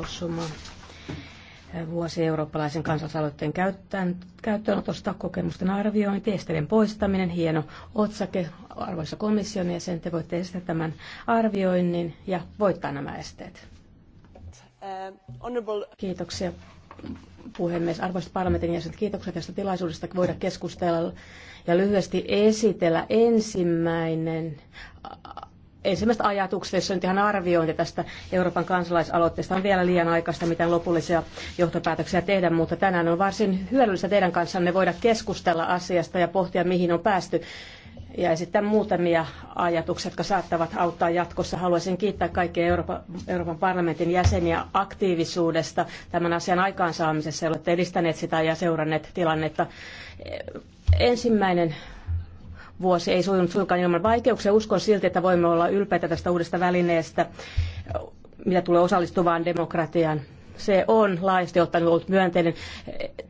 lausuma vuosi eurooppalaisen kansalaisaloitteen käyttöönotosta, kokemusten arviointi, esteiden poistaminen, hieno otsake, arvoisa komission jäsen, te voitte esittää tämän arvioinnin ja voittaa nämä esteet. Uh, kiitoksia puhemies, arvoisat parlamentin jäsenet, kiitoksia tästä tilaisuudesta voida keskustella ja lyhyesti esitellä ensimmäinen Ensimmäistä ajatuksista, jos on ihan arviointi tästä Euroopan kansalaisaloitteesta on vielä liian aikaista, mitä lopullisia johtopäätöksiä tehdä, mutta tänään on varsin hyödyllistä teidän kanssanne voida keskustella asiasta ja pohtia, mihin on päästy ja sitten muutamia ajatuksia, jotka saattavat auttaa jatkossa. Haluaisin kiittää kaikkia Euroopan, Euroopan parlamentin jäseniä aktiivisuudesta tämän asian aikaansaamisessa, olette edistäneet sitä ja seuranneet tilannetta. Ensimmäinen vuosi ei sujunut suinkaan ilman vaikeuksia. Uskon silti, että voimme olla ylpeitä tästä uudesta välineestä, mitä tulee osallistuvaan demokratiaan. Se on laajasti ottaen ollut myönteinen.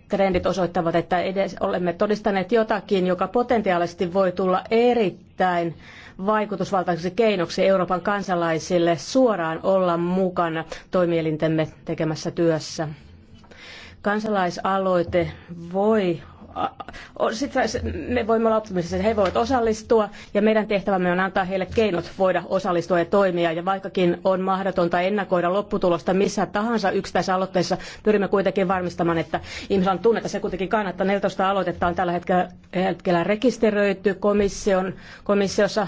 Trendit osoittavat, että edes olemme todistaneet jotakin, joka potentiaalisesti voi tulla erittäin vaikutusvaltaiseksi keinoksi Euroopan kansalaisille suoraan olla mukana toimielintemme tekemässä työssä kansalaisaloite voi sitten me voimme olla optimistisia, että he voivat osallistua ja meidän tehtävämme on antaa heille keinot voida osallistua ja toimia. Ja vaikkakin on mahdotonta ennakoida lopputulosta missä tahansa yksittäisessä aloitteessa, pyrimme kuitenkin varmistamaan, että ihmisillä on tunne, että se kuitenkin kannattaa. 14 aloitetta on tällä hetkellä, hetkellä rekisteröity komission, komissiossa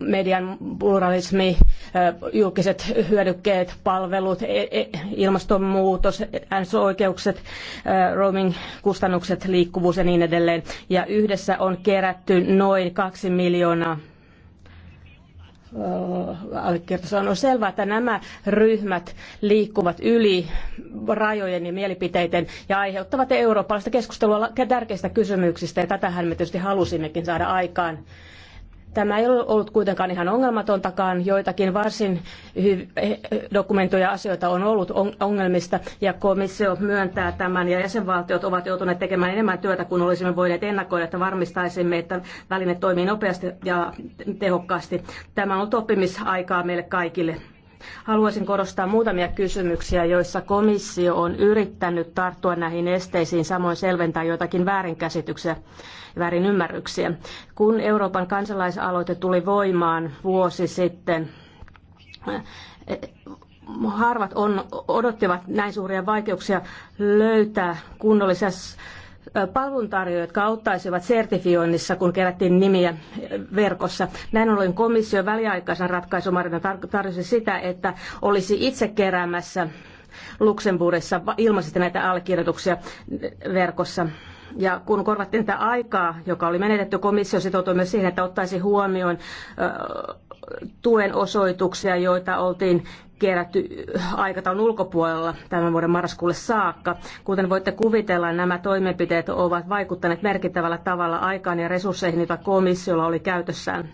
median pluralismi, julkiset hyödykkeet, palvelut, e, e, ilmastonmuutos, äänestysoikeukset, roaming-kustannukset, liikkuvuus turvallisuus ja niin edelleen. Ja yhdessä on kerätty noin kaksi miljoonaa allekirjoitus. On selvää, että nämä ryhmät liikkuvat yli rajojen ja mielipiteiden ja aiheuttavat eurooppalaista keskustelua tärkeistä kysymyksistä, ja tätähän me tietysti halusimmekin saada aikaan Tämä ei ole ollut kuitenkaan ihan ongelmatontakaan. Joitakin varsin eh, dokumentoja asioita on ollut ongelmista ja komissio myöntää tämän ja jäsenvaltiot ovat joutuneet tekemään enemmän työtä kuin olisimme voineet ennakoida, että varmistaisimme, että väline toimii nopeasti ja tehokkaasti. Tämä on ollut oppimisaikaa meille kaikille. Haluaisin korostaa muutamia kysymyksiä, joissa komissio on yrittänyt tarttua näihin esteisiin, samoin selventää joitakin väärinkäsityksiä ja väärinymmärryksiä. Kun Euroopan kansalaisaloite tuli voimaan vuosi sitten, eh, harvat on, odottivat näin suuria vaikeuksia löytää kunnollisia palveluntarjoajia, jotka auttaisivat sertifioinnissa, kun kerättiin nimiä verkossa. Näin ollen komissio väliaikaisen ratkaisumarina tarjosi sitä, että olisi itse keräämässä Luxemburgissa ilmaisesti näitä allekirjoituksia verkossa. Ja kun korvattiin tätä aikaa, joka oli menetetty, komissio sitoutui myös siihen, että ottaisi huomioon tuen osoituksia, joita oltiin kerätty äh, aikataulun ulkopuolella tämän vuoden marraskuulle saakka. Kuten voitte kuvitella, nämä toimenpiteet ovat vaikuttaneet merkittävällä tavalla aikaan ja resursseihin, joita komissiolla oli käytössään.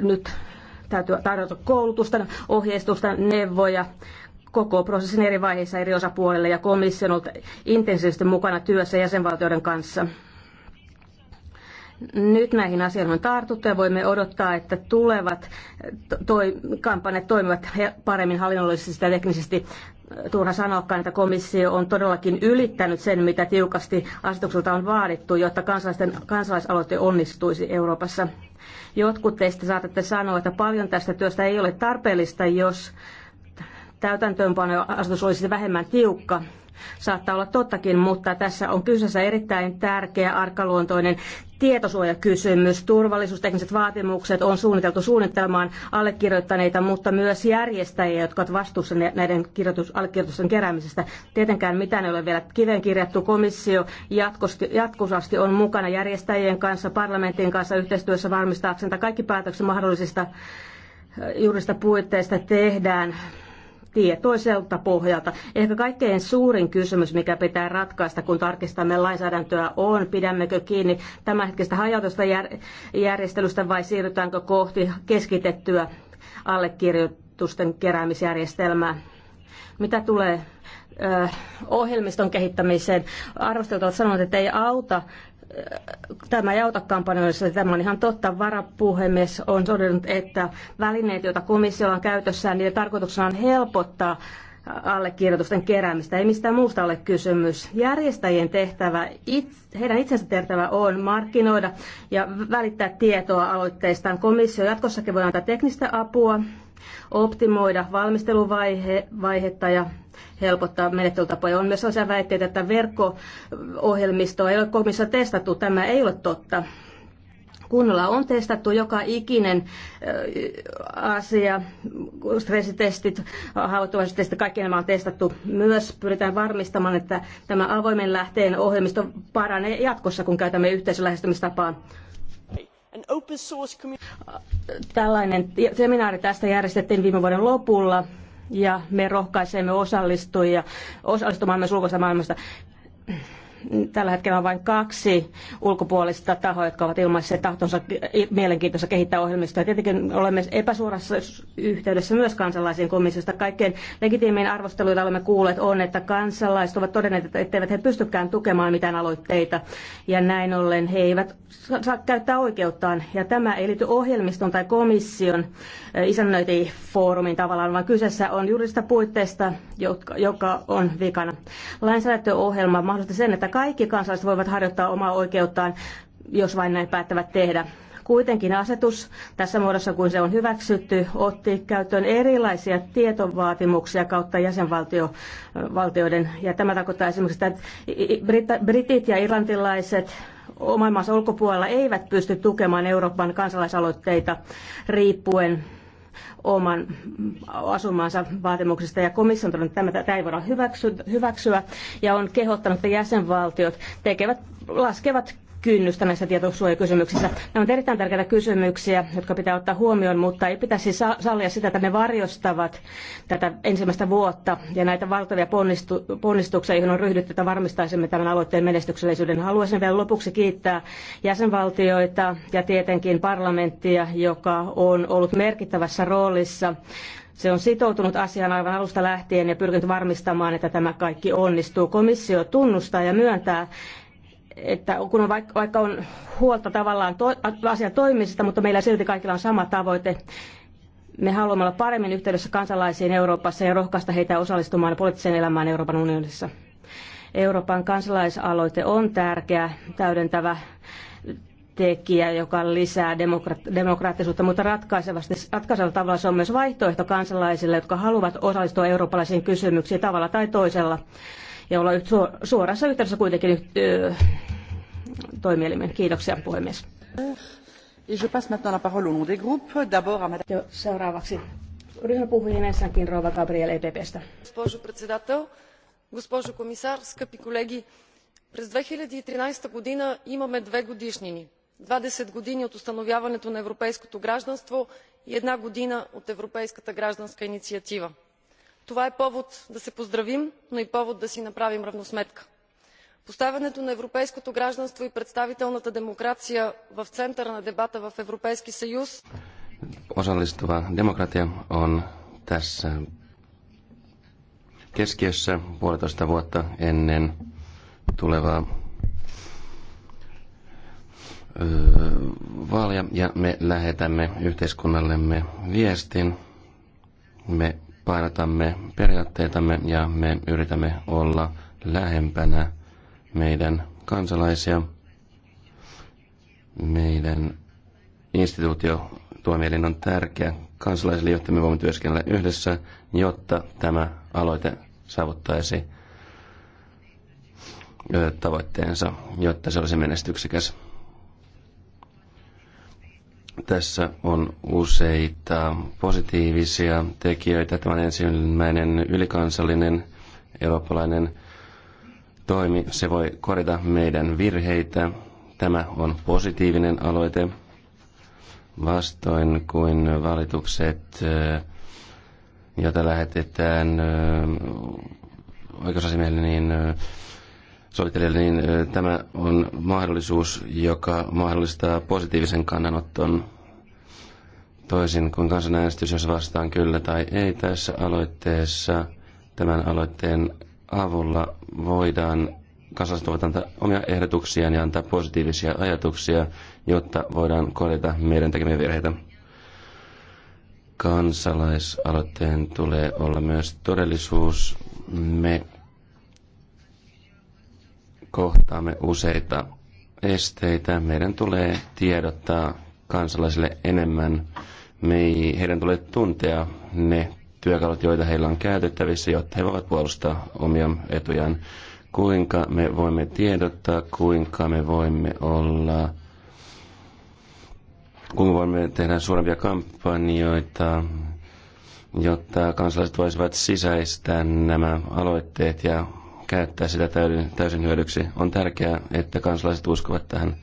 Nyt täytyy tarjota koulutusta, ohjeistusta, neuvoja koko prosessin eri vaiheissa eri osapuolille ja komissio on ollut intensiivisesti mukana työssä jäsenvaltioiden kanssa. Nyt näihin asioihin on tartuttu ja voimme odottaa, että tulevat toi, kampanjat toimivat paremmin hallinnollisesti ja teknisesti. Turha sanoakaan, että komissio on todellakin ylittänyt sen, mitä tiukasti asetukselta on vaadittu, jotta kansalaisten, kansalaisaloite onnistuisi Euroopassa. Jotkut teistä saatatte sanoa, että paljon tästä työstä ei ole tarpeellista, jos täytäntöönpanoasetus olisi vähemmän tiukka saattaa olla tottakin, mutta tässä on kyseessä erittäin tärkeä arkaluontoinen tietosuojakysymys. Turvallisuustekniset vaatimukset on suunniteltu suunnittelemaan allekirjoittaneita, mutta myös järjestäjiä, jotka ovat vastuussa näiden allekirjoitusten keräämisestä. Tietenkään mitään ei ole vielä kiven kirjattu. Komissio jatkuvasti on mukana järjestäjien kanssa, parlamentin kanssa yhteistyössä varmistaakseen, että kaikki päätökset mahdollisista eh, juurista puitteista tehdään tietoiselta pohjalta. Ehkä kaikkein suurin kysymys, mikä pitää ratkaista, kun tarkistamme lainsäädäntöä, on, pidämmekö kiinni tämänhetkistä hajautusta jär- järjestelystä vai siirrytäänkö kohti keskitettyä allekirjoitusten keräämisjärjestelmää. Mitä tulee ohjelmiston kehittämiseen. Arvostelut ovat sanoneet, että ei auta, tämä ei auta kampanjoissa, tämä on ihan totta. Varapuhemies on todennut, että välineet, joita komissiolla on käytössään, niiden tarkoituksena on helpottaa allekirjoitusten keräämistä. Ei mistään muusta ole kysymys. Järjestäjien tehtävä, heidän itsensä tehtävä on markkinoida ja välittää tietoa aloitteistaan. Komissio jatkossakin voi antaa teknistä apua, optimoida valmisteluvaihetta ja helpottaa menettelytapoja. On myös sellaisia väitteitä, että verkko-ohjelmistoa ei ole komissa testattu. Tämä ei ole totta. Kunnolla on testattu joka ikinen asia, stressitestit, haavoittuvaisuustestit, kaikki nämä on testattu. Myös pyritään varmistamaan, että tämä avoimen lähteen ohjelmisto paranee jatkossa, kun käytämme yhteisölähestymistapaa. Tällainen seminaari tästä järjestettiin viime vuoden lopulla ja me rohkaisemme osallistumaan myös ulkoista maailmasta. Tällä hetkellä on vain kaksi ulkopuolista tahoa, jotka ovat ilmaisseet tahtonsa mielenkiintoista kehittää ohjelmistoa. Tietenkin olemme epäsuorassa yhteydessä myös kansalaisiin komissiosta. Kaikkein legitiimein arvostelu, jota olemme kuulleet, on, että kansalaiset ovat todenneet, etteivät he pystykään tukemaan mitään aloitteita. Ja näin ollen he eivät saa käyttää oikeuttaan. Ja tämä ei liity ohjelmiston tai komission eh, isännöintifoorumiin tavallaan, vaan kyseessä on juridista puitteista, joka on vikana. Lainsäädäntöohjelma mahdollistaa sen, että kaikki kansalaiset voivat harjoittaa omaa oikeuttaan, jos vain näin päättävät tehdä. Kuitenkin asetus tässä muodossa, kun se on hyväksytty, otti käyttöön erilaisia tietovaatimuksia kautta jäsenvaltioiden. Ja tämä tarkoittaa esimerkiksi, että britit ja irlantilaiset oman maassa ulkopuolella eivät pysty tukemaan Euroopan kansalaisaloitteita riippuen oman asumansa vaatimuksista. Ja komissio on todennut, että tämä, ei voida hyväksyä, hyväksyä ja on kehottanut, että jäsenvaltiot tekevät, laskevat kynnystä näissä tietosuojakysymyksissä. Nämä ovat erittäin tärkeitä kysymyksiä, jotka pitää ottaa huomioon, mutta ei pitäisi sallia sitä, että ne varjostavat tätä ensimmäistä vuotta ja näitä valtavia ponnistu- ponnistuksia, joihin on ryhdytty, että varmistaisimme tämän aloitteen menestyksellisyyden. Haluaisin vielä lopuksi kiittää jäsenvaltioita ja tietenkin parlamenttia, joka on ollut merkittävässä roolissa se on sitoutunut asiaan aivan alusta lähtien ja pyrkinyt varmistamaan, että tämä kaikki onnistuu. Komissio tunnustaa ja myöntää, että kun on vaikka, vaikka on huolta tavallaan to, asian toimisesta, mutta meillä silti kaikilla on sama tavoite, me haluamme olla paremmin yhteydessä kansalaisiin Euroopassa ja rohkaista heitä osallistumaan poliittiseen elämään Euroopan unionissa. Euroopan kansalaisaloite on tärkeä, täydentävä tekijä, joka lisää demokra- demokraattisuutta, mutta ratkaisevasti, ratkaisevalla tavalla se on myös vaihtoehto kansalaisille, jotka haluavat osallistua eurooppalaisiin kysymyksiin tavalla tai toisella ja olla suorassa yhteydessä kuitenkin nyt toimielimen. Kiitoksia puhemies. Et je passe maintenant la parole au nom des groupes. D'abord à madame... Seuraavaksi ryhmäpuhujien ensinnäkin Rova Gabriel EPPstä. Госпожо председател, госпожо комисар, скъпи колеги, през 2013 година имаме две годишнини. 20 години от установяването на европейското гражданство и една година от Европейската гражданска инициатива това е повод да се поздравим но и повод да си направим равносметка. поставянето на европейското гражданство и представителната демокрация в центъра на дебата в европейския съюз osallistuva demokratia on tässä keskiössä puolitoista vuotta ennen tulevaa vaalia ja me lähetämme yhteiskunnallemme viestin. Me painotamme periaatteitamme ja me yritämme olla lähempänä meidän kansalaisia. Meidän instituutio Tuomielin on tärkeä kansalaisille, jotta me voimme työskennellä yhdessä, jotta tämä aloite saavuttaisi tavoitteensa, jotta se olisi menestyksekäs. Tässä on useita positiivisia tekijöitä. Tämä on ensimmäinen ylikansallinen eurooppalainen toimi. Se voi korjata meidän virheitä. Tämä on positiivinen aloite vastoin kuin valitukset, joita lähetetään oikeusasimiehelle, niin sovittelijalle, niin tämä on mahdollisuus, joka mahdollistaa positiivisen kannanoton toisin kuin kansanäänestys, jos vastaan kyllä tai ei tässä aloitteessa. Tämän aloitteen avulla voidaan kansalaiset antaa omia ehdotuksiaan ja antaa positiivisia ajatuksia, jotta voidaan korjata meidän tekemiä virheitä. Kansalaisaloitteen tulee olla myös todellisuus. Me kohtaamme useita esteitä. Meidän tulee tiedottaa kansalaisille enemmän. Me ei, heidän tulee tuntea ne työkalut, joita heillä on käytettävissä, jotta he voivat puolustaa omia etujaan. Kuinka me voimme tiedottaa, kuinka me voimme olla, kuinka voimme tehdä suurempia kampanjoita, jotta kansalaiset voisivat sisäistää nämä aloitteet ja käyttää sitä täysin hyödyksi. On tärkeää, että kansalaiset uskovat tähän.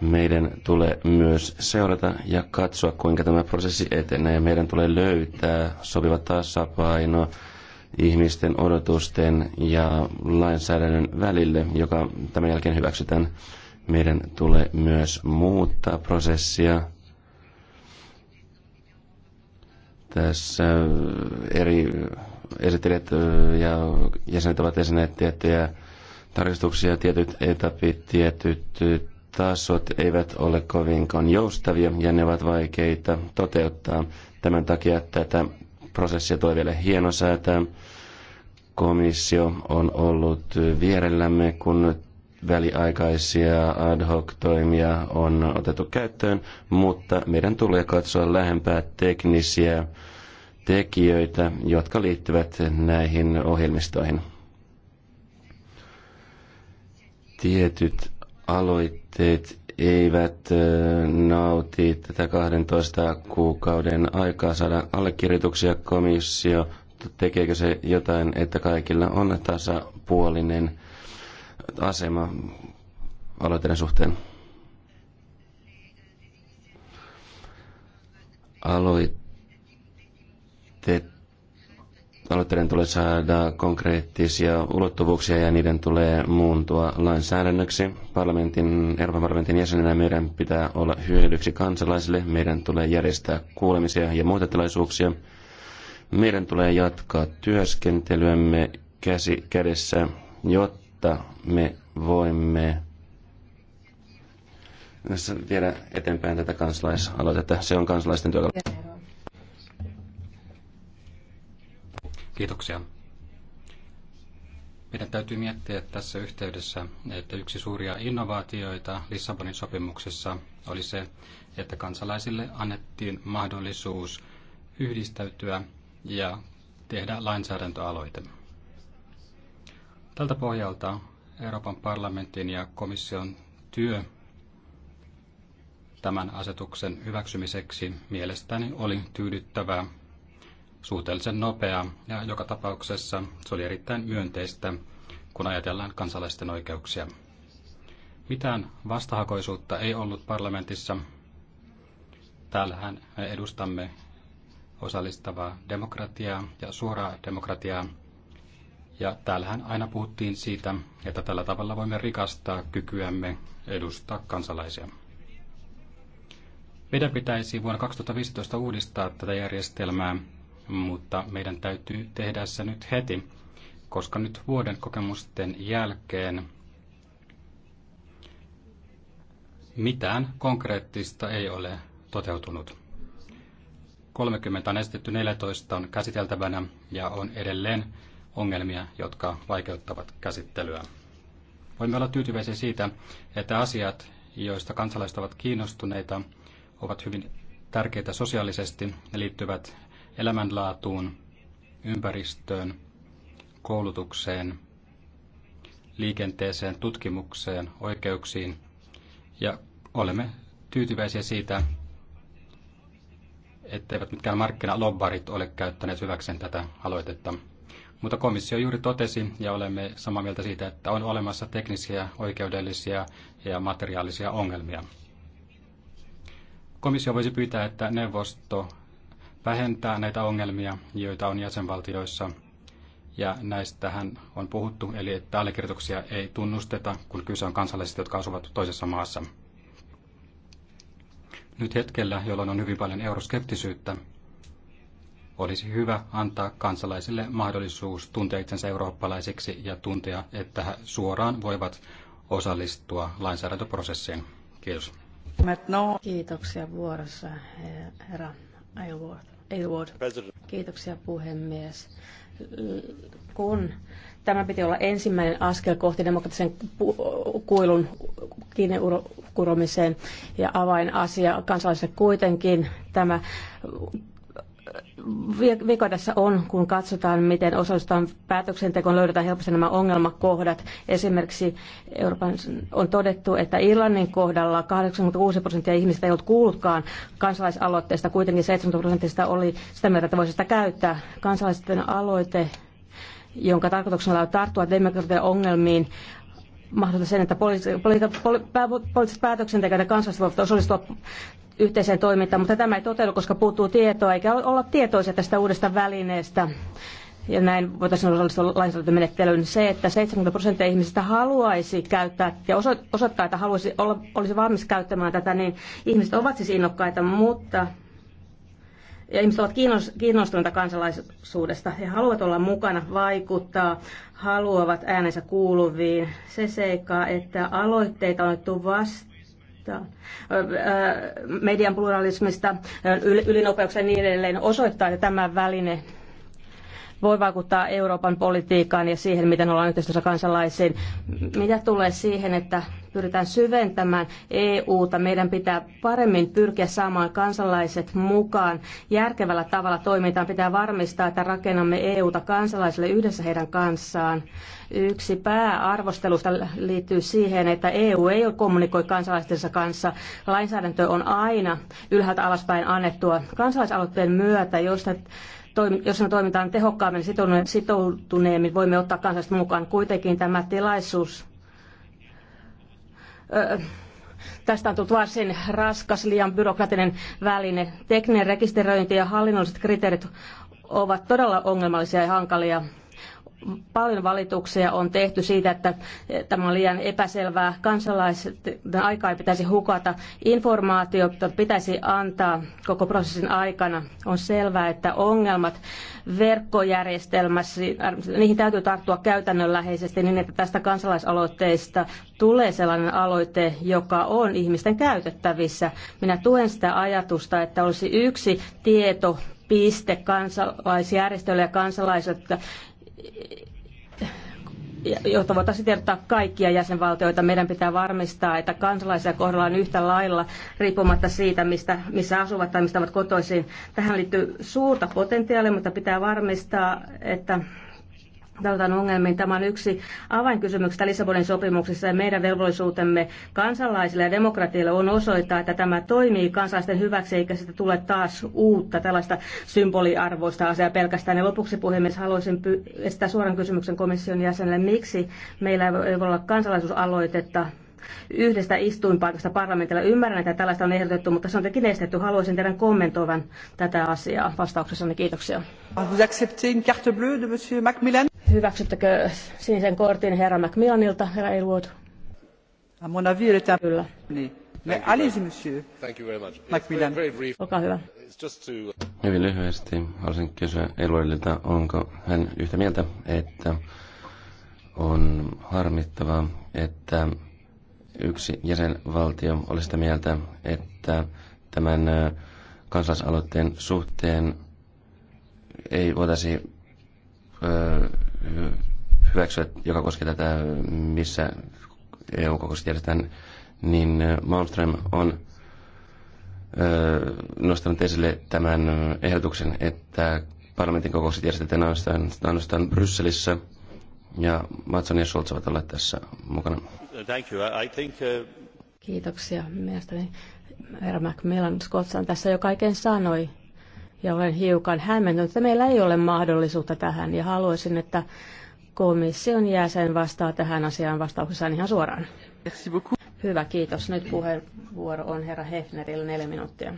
Meidän tulee myös seurata ja katsoa, kuinka tämä prosessi etenee. Meidän tulee löytää sopiva tasapaino ihmisten odotusten ja lainsäädännön välille, joka tämän jälkeen hyväksytään. Meidän tulee myös muuttaa prosessia tässä eri esittelijät ja jäsenet ovat esineet tiettyjä tarkistuksia, tietyt etapit, tietyt tasot eivät ole kovinkaan joustavia ja ne ovat vaikeita toteuttaa. Tämän takia tätä prosessia tulee vielä hienosäätää. Komissio on ollut vierellämme, kun väliaikaisia ad hoc toimia on otettu käyttöön, mutta meidän tulee katsoa lähempää teknisiä tekijöitä, jotka liittyvät näihin ohjelmistoihin. Tietyt aloitteet eivät nauti tätä 12 kuukauden aikaa saada allekirjoituksia komissio. Tekeekö se jotain, että kaikilla on tasapuolinen asema aloitteiden suhteen? Aloit te, aloitteiden tulee saada konkreettisia ulottuvuuksia ja niiden tulee muuntua lainsäädännöksi. Parlamentin, Euroopan parlamentin jäsenenä meidän pitää olla hyödyksi kansalaisille. Meidän tulee järjestää kuulemisia ja muita tilaisuuksia. Meidän tulee jatkaa työskentelyämme käsi kädessä, jotta me voimme viedä eteenpäin tätä kansalaisaloitetta. Se on kansalaisten työkalu. Kiitoksia. Meidän täytyy miettiä tässä yhteydessä, että yksi suuria innovaatioita Lissabonin sopimuksessa oli se, että kansalaisille annettiin mahdollisuus yhdistäytyä ja tehdä lainsäädäntöaloite. Tältä pohjalta Euroopan parlamentin ja komission työ tämän asetuksen hyväksymiseksi mielestäni oli tyydyttävää suhteellisen nopea ja joka tapauksessa se oli erittäin myönteistä, kun ajatellaan kansalaisten oikeuksia. Mitään vastahakoisuutta ei ollut parlamentissa. Täällähän me edustamme osallistavaa demokratiaa ja suoraa demokratiaa. Ja täällähän aina puhuttiin siitä, että tällä tavalla voimme rikastaa kykyämme edustaa kansalaisia. Meidän pitäisi vuonna 2015 uudistaa tätä järjestelmää mutta meidän täytyy tehdä se nyt heti, koska nyt vuoden kokemusten jälkeen mitään konkreettista ei ole toteutunut. 30 on esitetty, 14 on käsiteltävänä ja on edelleen ongelmia, jotka vaikeuttavat käsittelyä. Voimme olla tyytyväisiä siitä, että asiat, joista kansalaiset ovat kiinnostuneita, ovat hyvin tärkeitä sosiaalisesti. Ne liittyvät elämänlaatuun, ympäristöön, koulutukseen, liikenteeseen, tutkimukseen, oikeuksiin. Ja olemme tyytyväisiä siitä, etteivät mitkään markkinalobbarit ole käyttäneet hyväkseen tätä aloitetta. Mutta komissio juuri totesi, ja olemme samaa mieltä siitä, että on olemassa teknisiä, oikeudellisia ja materiaalisia ongelmia. Komissio voisi pyytää, että neuvosto vähentää näitä ongelmia, joita on jäsenvaltioissa. Ja näistähän on puhuttu, eli että allekirjoituksia ei tunnusteta, kun kyse on kansalaisista, jotka asuvat toisessa maassa. Nyt hetkellä, jolloin on hyvin paljon euroskeptisyyttä, olisi hyvä antaa kansalaisille mahdollisuus tuntea itsensä eurooppalaisiksi ja tuntea, että he suoraan voivat osallistua lainsäädäntöprosessiin. Kiitos. Kiitoksia vuorossa, herra Ajovuorto. Edward. Kiitoksia puhemies. Kun tämä piti olla ensimmäinen askel kohti demokratisen kuilun kiinni ja avainasia kansalaisille kuitenkin tämä vika tässä on, kun katsotaan, miten osallistutaan päätöksentekoon, löydetään helposti nämä ongelmakohdat. Esimerkiksi Euroopan on todettu, että Irlannin kohdalla 86 prosenttia ihmistä ei ollut kuullutkaan kansalaisaloitteesta. Kuitenkin 70 prosentista oli sitä mieltä, että voisi sitä käyttää. Kansalaisten aloite, jonka tarkoituksena on tarttua demokratian ongelmiin, mahdollista sen, että poliittiset poli, poli, poli, päätöksentekijät ja kansalaiset voivat osallistua yhteiseen toimintaan, mutta tämä ei toteudu, koska puuttuu tietoa, eikä olla tietoisia tästä uudesta välineestä. Ja näin voitaisiin osallistua lainsäädäntömenettelyyn se, että 70 prosenttia ihmisistä haluaisi käyttää ja osoittaa, että haluaisi olla, olisi valmis käyttämään tätä, niin ihmiset ovat siis innokkaita, mutta ja ihmiset ovat kiinnostuneita kansalaisuudesta. He haluavat olla mukana, vaikuttaa, haluavat äänensä kuuluviin. Se seikkaa, että aloitteita on otettu vastaan vastaan, median pluralismista, ylinopeuksia ja niin edelleen, osoittaa, että tämä väline voi vaikuttaa Euroopan politiikkaan ja siihen, miten ollaan yhteistyössä kansalaisiin. Mitä tulee siihen, että pyritään syventämään EUta, meidän pitää paremmin pyrkiä saamaan kansalaiset mukaan. Järkevällä tavalla toimintaan pitää varmistaa, että rakennamme EUta kansalaisille yhdessä heidän kanssaan. Yksi pääarvostelusta liittyy siihen, että EU ei kommunikoi kansalaistensa kanssa. Lainsäädäntö on aina ylhäältä alaspäin annettua. Kansalaisaloitteen myötä, josta jos sen toimitaan tehokkaammin sitoutuneemmin, voimme ottaa kansalaiset mukaan. Kuitenkin tämä tilaisuus Tästä on tullut varsin raskas, liian byrokratinen väline. Tekninen rekisteröinti ja hallinnolliset kriteerit ovat todella ongelmallisia ja hankalia paljon valituksia on tehty siitä, että tämä on liian epäselvää. Kansalaisten aikaa ei pitäisi hukata. Informaatiota pitäisi antaa koko prosessin aikana. On selvää, että ongelmat verkkojärjestelmässä, niihin täytyy tarttua käytännönläheisesti niin, että tästä kansalaisaloitteesta tulee sellainen aloite, joka on ihmisten käytettävissä. Minä tuen sitä ajatusta, että olisi yksi tieto piste kansalaisjärjestöille ja kansalaisille, jotta voitaisiin tiedottaa kaikkia jäsenvaltioita, meidän pitää varmistaa, että kansalaisia kohdellaan yhtä lailla riippumatta siitä, mistä, missä asuvat tai mistä ovat kotoisin. Tähän liittyy suurta potentiaalia, mutta pitää varmistaa, että Talotan ongelmiin. Tämä on yksi avainkysymyksistä Lissabonin sopimuksessa ja meidän velvollisuutemme kansalaisille ja demokratialle on osoittaa, että tämä toimii kansalaisten hyväksi eikä sitä tule taas uutta tällaista symboliarvoista asiaa pelkästään. Ja lopuksi puhemies haluaisin estää suoran kysymyksen komission jäsenelle, miksi meillä ei voi olla kansalaisuusaloitetta yhdestä istuinpaikasta parlamentilla. Ymmärrän, että tällaista on ehdotettu, mutta se on tekin estetty. Haluaisin teidän kommentoivan tätä asiaa vastauksessanne. Kiitoksia. Vous acceptez une carte bleue de monsieur Macmillan? Hyväksyttekö sinisen kortin herra Macmillanilta, herra Aylward? À mon avis, elle est Kyllä. Niin. Me alisi, monsieur. Thank you very much. Macmillan. Olkaa hyvä. To... Uh, Hyvin lyhyesti haluaisin kysyä Aylwardilta, onko hän yhtä mieltä, että on harmittavaa, että yksi jäsenvaltio oli sitä mieltä, että tämän kansalaisaloitteen suhteen ei voitaisiin ö, hyväksyä, joka koskee tätä, missä EU-kokous järjestetään, niin Malmström on nostanut esille tämän ehdotuksen, että parlamentin kokoukset järjestetään ainoastaan, ainoastaan Brysselissä, ja Matson ja Schulz ovat olleet tässä mukana. Thank you. I think, uh... Kiitoksia. Mielestäni herra Macmillan Scottsan tässä jo kaiken sanoi ja olen hiukan hämmentynyt, että meillä ei ole mahdollisuutta tähän ja haluaisin, että komission jäsen vastaa tähän asiaan vastauksessaan ihan suoraan. Hyvä, kiitos. Nyt puheenvuoro on herra Hefnerillä neljä minuuttia.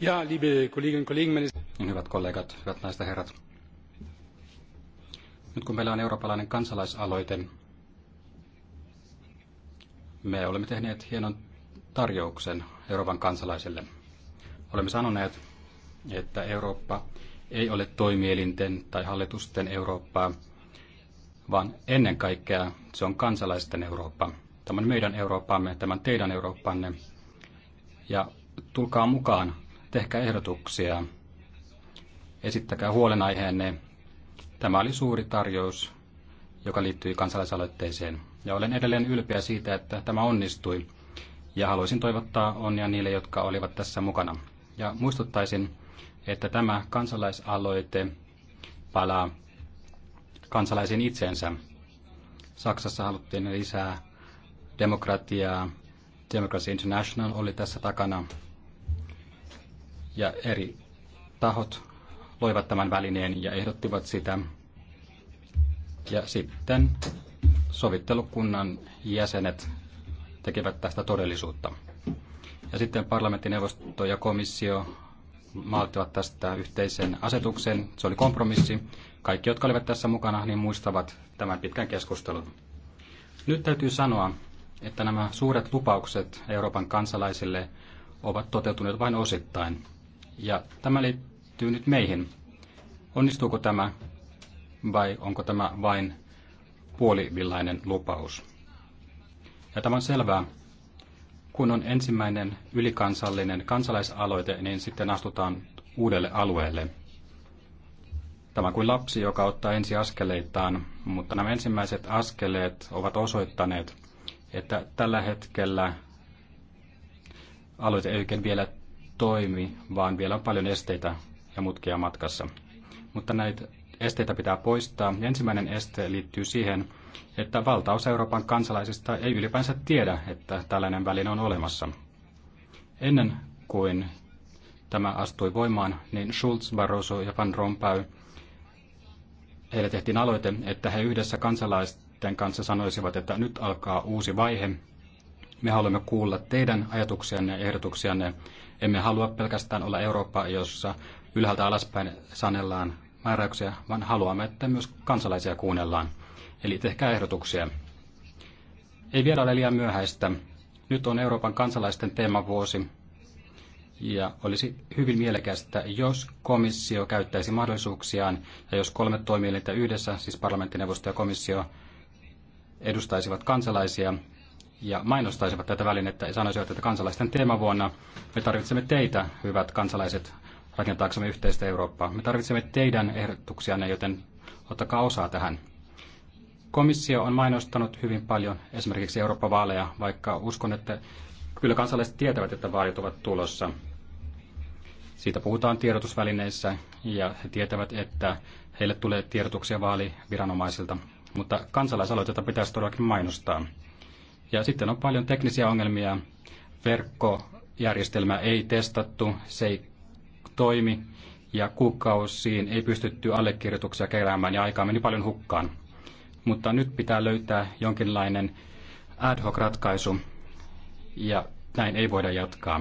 Ja, liebe Kolleginnen Kollegen, niin, Hyvät kollegat, hyvät naiset ja herrat. Nyt kun meillä on eurooppalainen kansalaisaloite, me olemme tehneet hienon tarjouksen Euroopan kansalaisille. Olemme sanoneet, että Eurooppa ei ole toimielinten tai hallitusten Eurooppaa, vaan ennen kaikkea se on kansalaisten Eurooppa. Tämä on meidän Eurooppamme, tämän teidän Eurooppanne. Ja tulkaa mukaan, tehkää ehdotuksia, esittäkää huolenaiheenne. Tämä oli suuri tarjous, joka liittyi kansalaisaloitteeseen. Ja olen edelleen ylpeä siitä, että tämä onnistui. Ja haluaisin toivottaa onnea niille, jotka olivat tässä mukana. Ja muistuttaisin, että tämä kansalaisaloite palaa kansalaisiin itseensä. Saksassa haluttiin lisää demokratiaa. Democracy International oli tässä takana. Ja eri tahot loivat tämän välineen ja ehdottivat sitä. Ja sitten sovittelukunnan jäsenet tekevät tästä todellisuutta. Ja sitten parlamenttineuvosto ja komissio maalittivat tästä yhteisen asetuksen. Se oli kompromissi. Kaikki, jotka olivat tässä mukana, niin muistavat tämän pitkän keskustelun. Nyt täytyy sanoa, että nämä suuret lupaukset Euroopan kansalaisille ovat toteutuneet vain osittain. Ja tämä liittyy nyt meihin. Onnistuuko tämä vai onko tämä vain puolivillainen lupaus? Ja tämä on selvää, kun on ensimmäinen ylikansallinen kansalaisaloite, niin sitten astutaan uudelle alueelle. Tämä kuin lapsi, joka ottaa ensi askeleitaan, mutta nämä ensimmäiset askeleet ovat osoittaneet, että tällä hetkellä aloite ei oikein vielä toimi, vaan vielä on paljon esteitä ja mutkia matkassa. Mutta näitä esteitä pitää poistaa. ensimmäinen este liittyy siihen, että valtaosa Euroopan kansalaisista ei ylipäänsä tiedä, että tällainen väline on olemassa. Ennen kuin tämä astui voimaan, niin Schulz, Barroso ja Van Rompuy, heille tehtiin aloite, että he yhdessä kansalaisten kanssa sanoisivat, että nyt alkaa uusi vaihe. Me haluamme kuulla teidän ajatuksianne ja ehdotuksianne. Emme halua pelkästään olla Eurooppa, jossa ylhäältä alaspäin sanellaan määräyksiä, vaan haluamme, että myös kansalaisia kuunnellaan. Eli tehkää ehdotuksia. Ei vielä ole liian myöhäistä. Nyt on Euroopan kansalaisten teemavuosi. Ja olisi hyvin mielekästä, jos komissio käyttäisi mahdollisuuksiaan ja jos kolme toimielintä yhdessä, siis parlamenttineuvosto ja komissio, edustaisivat kansalaisia ja mainostaisivat tätä välinettä ja sanoisivat, että kansalaisten teemavuonna me tarvitsemme teitä, hyvät kansalaiset, rakentaaksemme yhteistä Eurooppaa. Me tarvitsemme teidän ehdotuksianne, joten ottakaa osaa tähän. Komissio on mainostanut hyvin paljon esimerkiksi Eurooppa-vaaleja, vaikka uskon, että kyllä kansalaiset tietävät, että vaalit ovat tulossa. Siitä puhutaan tiedotusvälineissä ja he tietävät, että heille tulee tiedotuksia vaaliviranomaisilta, mutta kansalaisaloitetta pitäisi todellakin mainostaa. Ja sitten on paljon teknisiä ongelmia. Verkkojärjestelmä ei testattu, se ei toimi ja kuukausiin ei pystytty allekirjoituksia keräämään ja aikaa meni paljon hukkaan mutta nyt pitää löytää jonkinlainen ad hoc ratkaisu ja näin ei voida jatkaa.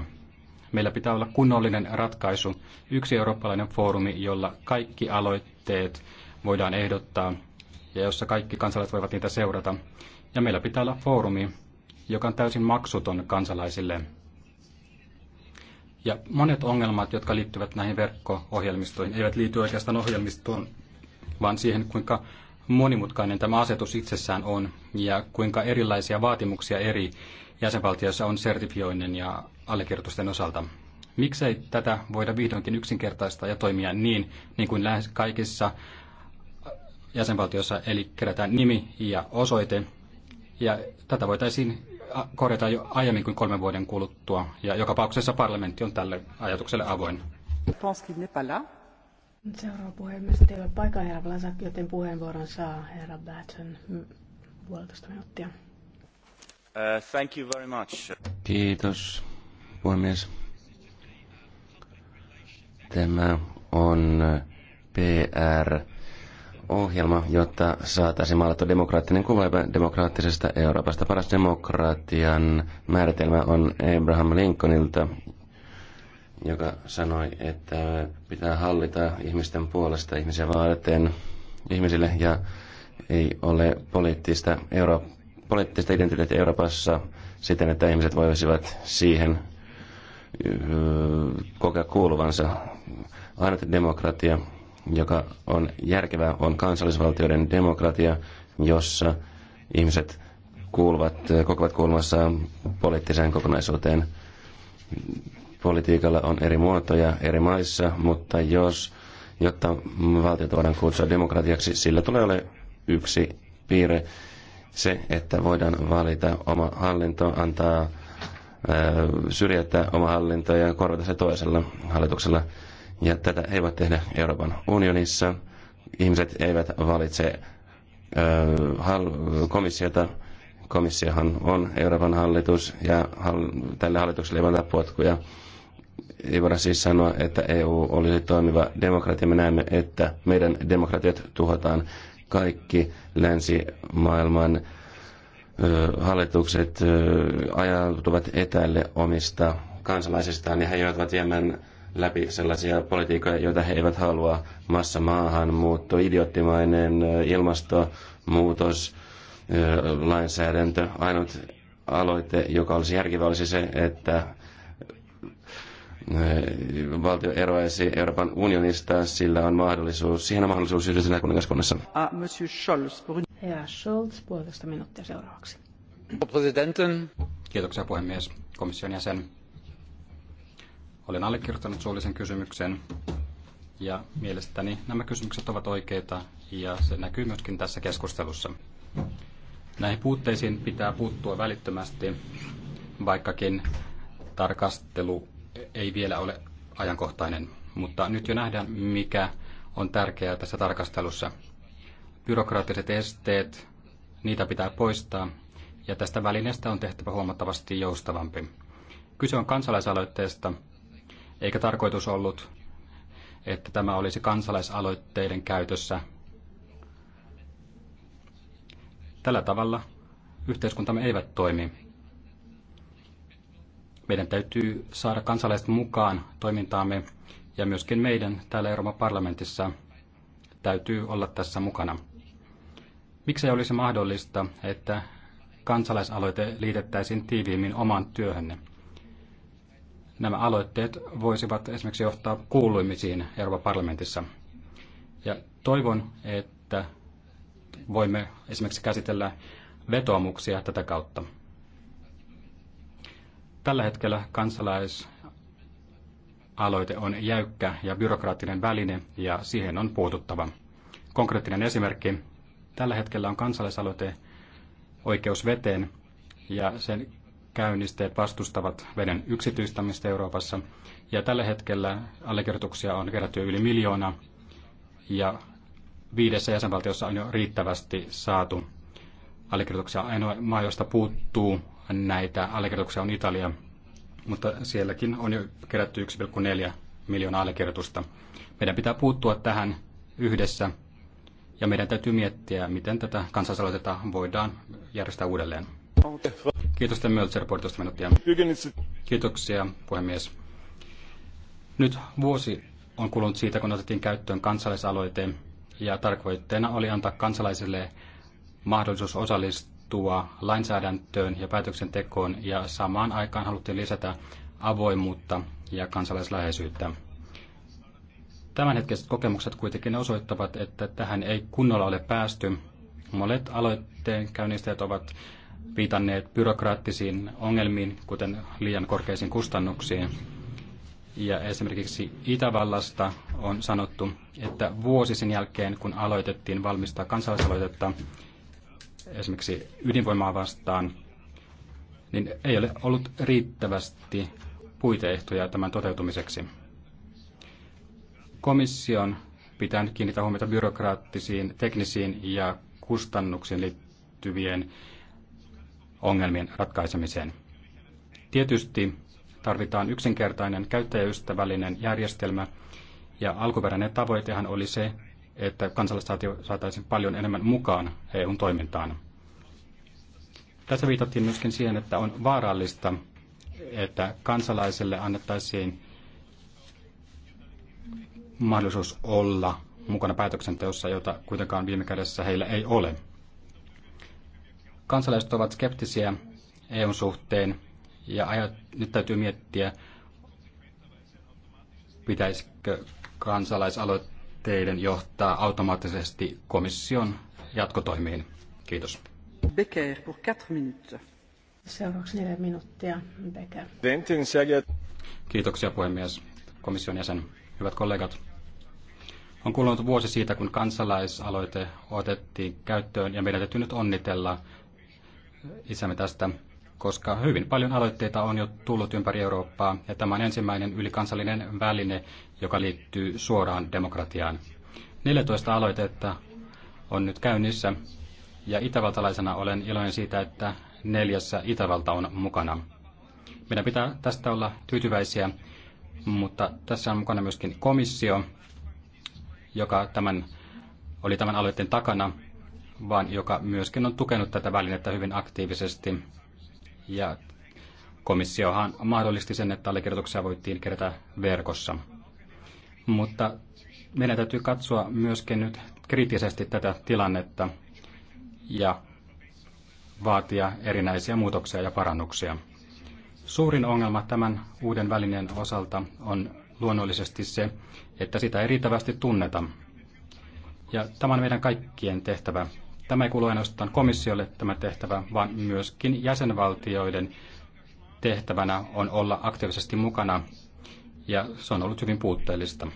Meillä pitää olla kunnollinen ratkaisu, yksi eurooppalainen foorumi, jolla kaikki aloitteet voidaan ehdottaa ja jossa kaikki kansalaiset voivat niitä seurata. Ja meillä pitää olla foorumi, joka on täysin maksuton kansalaisille. Ja monet ongelmat, jotka liittyvät näihin verkko-ohjelmistoihin, eivät liity oikeastaan ohjelmistoon, vaan siihen, kuinka monimutkainen tämä asetus itsessään on ja kuinka erilaisia vaatimuksia eri jäsenvaltioissa on sertifioinnin ja allekirjoitusten osalta. Miksei tätä voida vihdoinkin yksinkertaistaa ja toimia niin, niin kuin lähes kaikissa jäsenvaltioissa, eli kerätään nimi ja osoite. Ja tätä voitaisiin korjata jo aiemmin kuin kolmen vuoden kuluttua, ja joka tapauksessa parlamentti on tälle ajatukselle avoin. Seuraava puhemies, teillä on paikan herra Blasak, joten puheenvuoron saa herra Batten puolitoista minuuttia. Uh, thank you very much. Kiitos, puhemies. Tämä on PR ohjelma, jotta saataisiin maalattu demokraattinen kuva demokraattisesta Euroopasta. Paras demokratian määritelmä on Abraham Lincolnilta, joka sanoi, että pitää hallita ihmisten puolesta, ihmisiä varten, ihmisille ja ei ole poliittista, Euro- poliittista identiteettiä Euroopassa siten, että ihmiset voisivat siihen kokea kuuluvansa. Aina demokratia, joka on järkevää, on kansallisvaltioiden demokratia, jossa ihmiset kuuluvat, kokevat kuuluvansa poliittiseen kokonaisuuteen Politiikalla on eri muotoja eri maissa, mutta jos, jotta valtiot voidaan kutsua demokratiaksi, sillä tulee ole yksi piirre, se, että voidaan valita oma hallinto, antaa syrjäyttää oma hallinto ja korvata se toisella hallituksella. Ja tätä ei voi tehdä Euroopan unionissa. Ihmiset eivät valitse komissiota. Komissiohan on Euroopan hallitus ja tälle hallitukselle ei voi potkuja ei voida siis sanoa, että EU olisi toimiva demokratia. Me näemme, että meidän demokratiat tuhotaan kaikki länsimaailman hallitukset ajautuvat etäälle omista kansalaisistaan ja he joutuvat viemään läpi sellaisia politiikoja, joita he eivät halua. Massa muutto idiottimainen ilmastonmuutos, lainsäädäntö. Ainut aloite, joka olisi järkevä, olisi se, että Äh, valtio eroaisi Euroopan unionista, sillä on mahdollisuus, siihen on mahdollisuus yhdessä kuningaskunnassa. Ah, Monsieur Scholz. Scholz, puolitoista minuuttia seuraavaksi. Kiitoksia puhemies, komission jäsen. Olen allekirjoittanut suullisen kysymyksen ja mielestäni nämä kysymykset ovat oikeita ja se näkyy myöskin tässä keskustelussa. Näihin puutteisiin pitää puuttua välittömästi, vaikkakin tarkastelu ei vielä ole ajankohtainen, mutta nyt jo nähdään, mikä on tärkeää tässä tarkastelussa. Byrokraattiset esteet, niitä pitää poistaa, ja tästä välineestä on tehtävä huomattavasti joustavampi. Kyse on kansalaisaloitteesta, eikä tarkoitus ollut, että tämä olisi kansalaisaloitteiden käytössä. Tällä tavalla yhteiskuntamme eivät toimi. Meidän täytyy saada kansalaiset mukaan toimintaamme ja myöskin meidän täällä Euroopan parlamentissa täytyy olla tässä mukana. Miksei olisi mahdollista, että kansalaisaloite liitettäisiin tiiviimmin omaan työhönne? Nämä aloitteet voisivat esimerkiksi johtaa kuuluimisiin Euroopan parlamentissa. Ja toivon, että voimme esimerkiksi käsitellä vetoomuksia tätä kautta. Tällä hetkellä kansalaisaloite on jäykkä ja byrokraattinen väline ja siihen on puututtava. Konkreettinen esimerkki. Tällä hetkellä on kansalaisaloite oikeus veteen ja sen käynnisteet vastustavat veden yksityistämistä Euroopassa. Ja tällä hetkellä allekirjoituksia on kerätty yli miljoona ja viidessä jäsenvaltiossa on jo riittävästi saatu allekirjoituksia. Ainoa maa, josta puuttuu näitä allekirjoituksia on Italia, mutta sielläkin on jo kerätty 1,4 miljoonaa allekirjoitusta. Meidän pitää puuttua tähän yhdessä ja meidän täytyy miettiä, miten tätä kansalaisaloitetta voidaan järjestää uudelleen. Kiitos te Möltser, puolitoista minuuttia. Kiitoksia, puhemies. Nyt vuosi on kulunut siitä, kun otettiin käyttöön kansalaisaloite, ja tarkoitteena oli antaa kansalaisille mahdollisuus osallistua puuttua lainsäädäntöön ja päätöksentekoon ja samaan aikaan haluttiin lisätä avoimuutta ja kansalaisläheisyyttä. Tämänhetkiset kokemukset kuitenkin osoittavat, että tähän ei kunnolla ole päästy. Monet aloitteen käynnistäjät ovat viitanneet byrokraattisiin ongelmiin, kuten liian korkeisiin kustannuksiin. Ja esimerkiksi Itävallasta on sanottu, että vuosi sen jälkeen, kun aloitettiin valmistaa kansalaisaloitetta, esimerkiksi ydinvoimaa vastaan, niin ei ole ollut riittävästi puiteehtoja tämän toteutumiseksi. Komission pitää nyt kiinnittää huomiota byrokraattisiin, teknisiin ja kustannuksiin liittyvien ongelmien ratkaisemiseen. Tietysti tarvitaan yksinkertainen käyttäjäystävällinen järjestelmä, ja alkuperäinen tavoitehan oli se, että kansalaiset saataisiin paljon enemmän mukaan eu toimintaan. Tässä viitattiin myöskin siihen, että on vaarallista, että kansalaiselle annettaisiin mahdollisuus olla mukana päätöksenteossa, jota kuitenkaan viime kädessä heillä ei ole. Kansalaiset ovat skeptisiä EUn suhteen ja ajat, nyt täytyy miettiä, pitäisikö kansalaisaloitteet teidän johtaa automaattisesti komission jatkotoimiin. Kiitos. Becker, pour 4 minuuttia. Seuraavaksi neljä minuuttia, Becker. Kiitoksia puhemies, komission jäsen, hyvät kollegat. On kulunut vuosi siitä, kun kansalaisaloite otettiin käyttöön ja meidän täytyy nyt onnitella isämme tästä koska hyvin paljon aloitteita on jo tullut ympäri Eurooppaa, ja tämä on ensimmäinen ylikansallinen väline, joka liittyy suoraan demokratiaan. 14 aloitetta on nyt käynnissä, ja itävaltalaisena olen iloinen siitä, että neljässä Itävalta on mukana. Meidän pitää tästä olla tyytyväisiä, mutta tässä on mukana myöskin komissio, joka tämän, oli tämän aloitteen takana, vaan joka myöskin on tukenut tätä välinettä hyvin aktiivisesti ja komissiohan mahdollisti sen, että allekirjoituksia voittiin kerätä verkossa. Mutta meidän täytyy katsoa myöskin nyt kriittisesti tätä tilannetta ja vaatia erinäisiä muutoksia ja parannuksia. Suurin ongelma tämän uuden välineen osalta on luonnollisesti se, että sitä ei riittävästi tunneta. Ja tämä on meidän kaikkien tehtävä. Tämä ei kuulu ainoastaan komissiolle tämä tehtävä, vaan myöskin jäsenvaltioiden tehtävänä on olla aktiivisesti mukana, ja se on ollut hyvin puutteellista.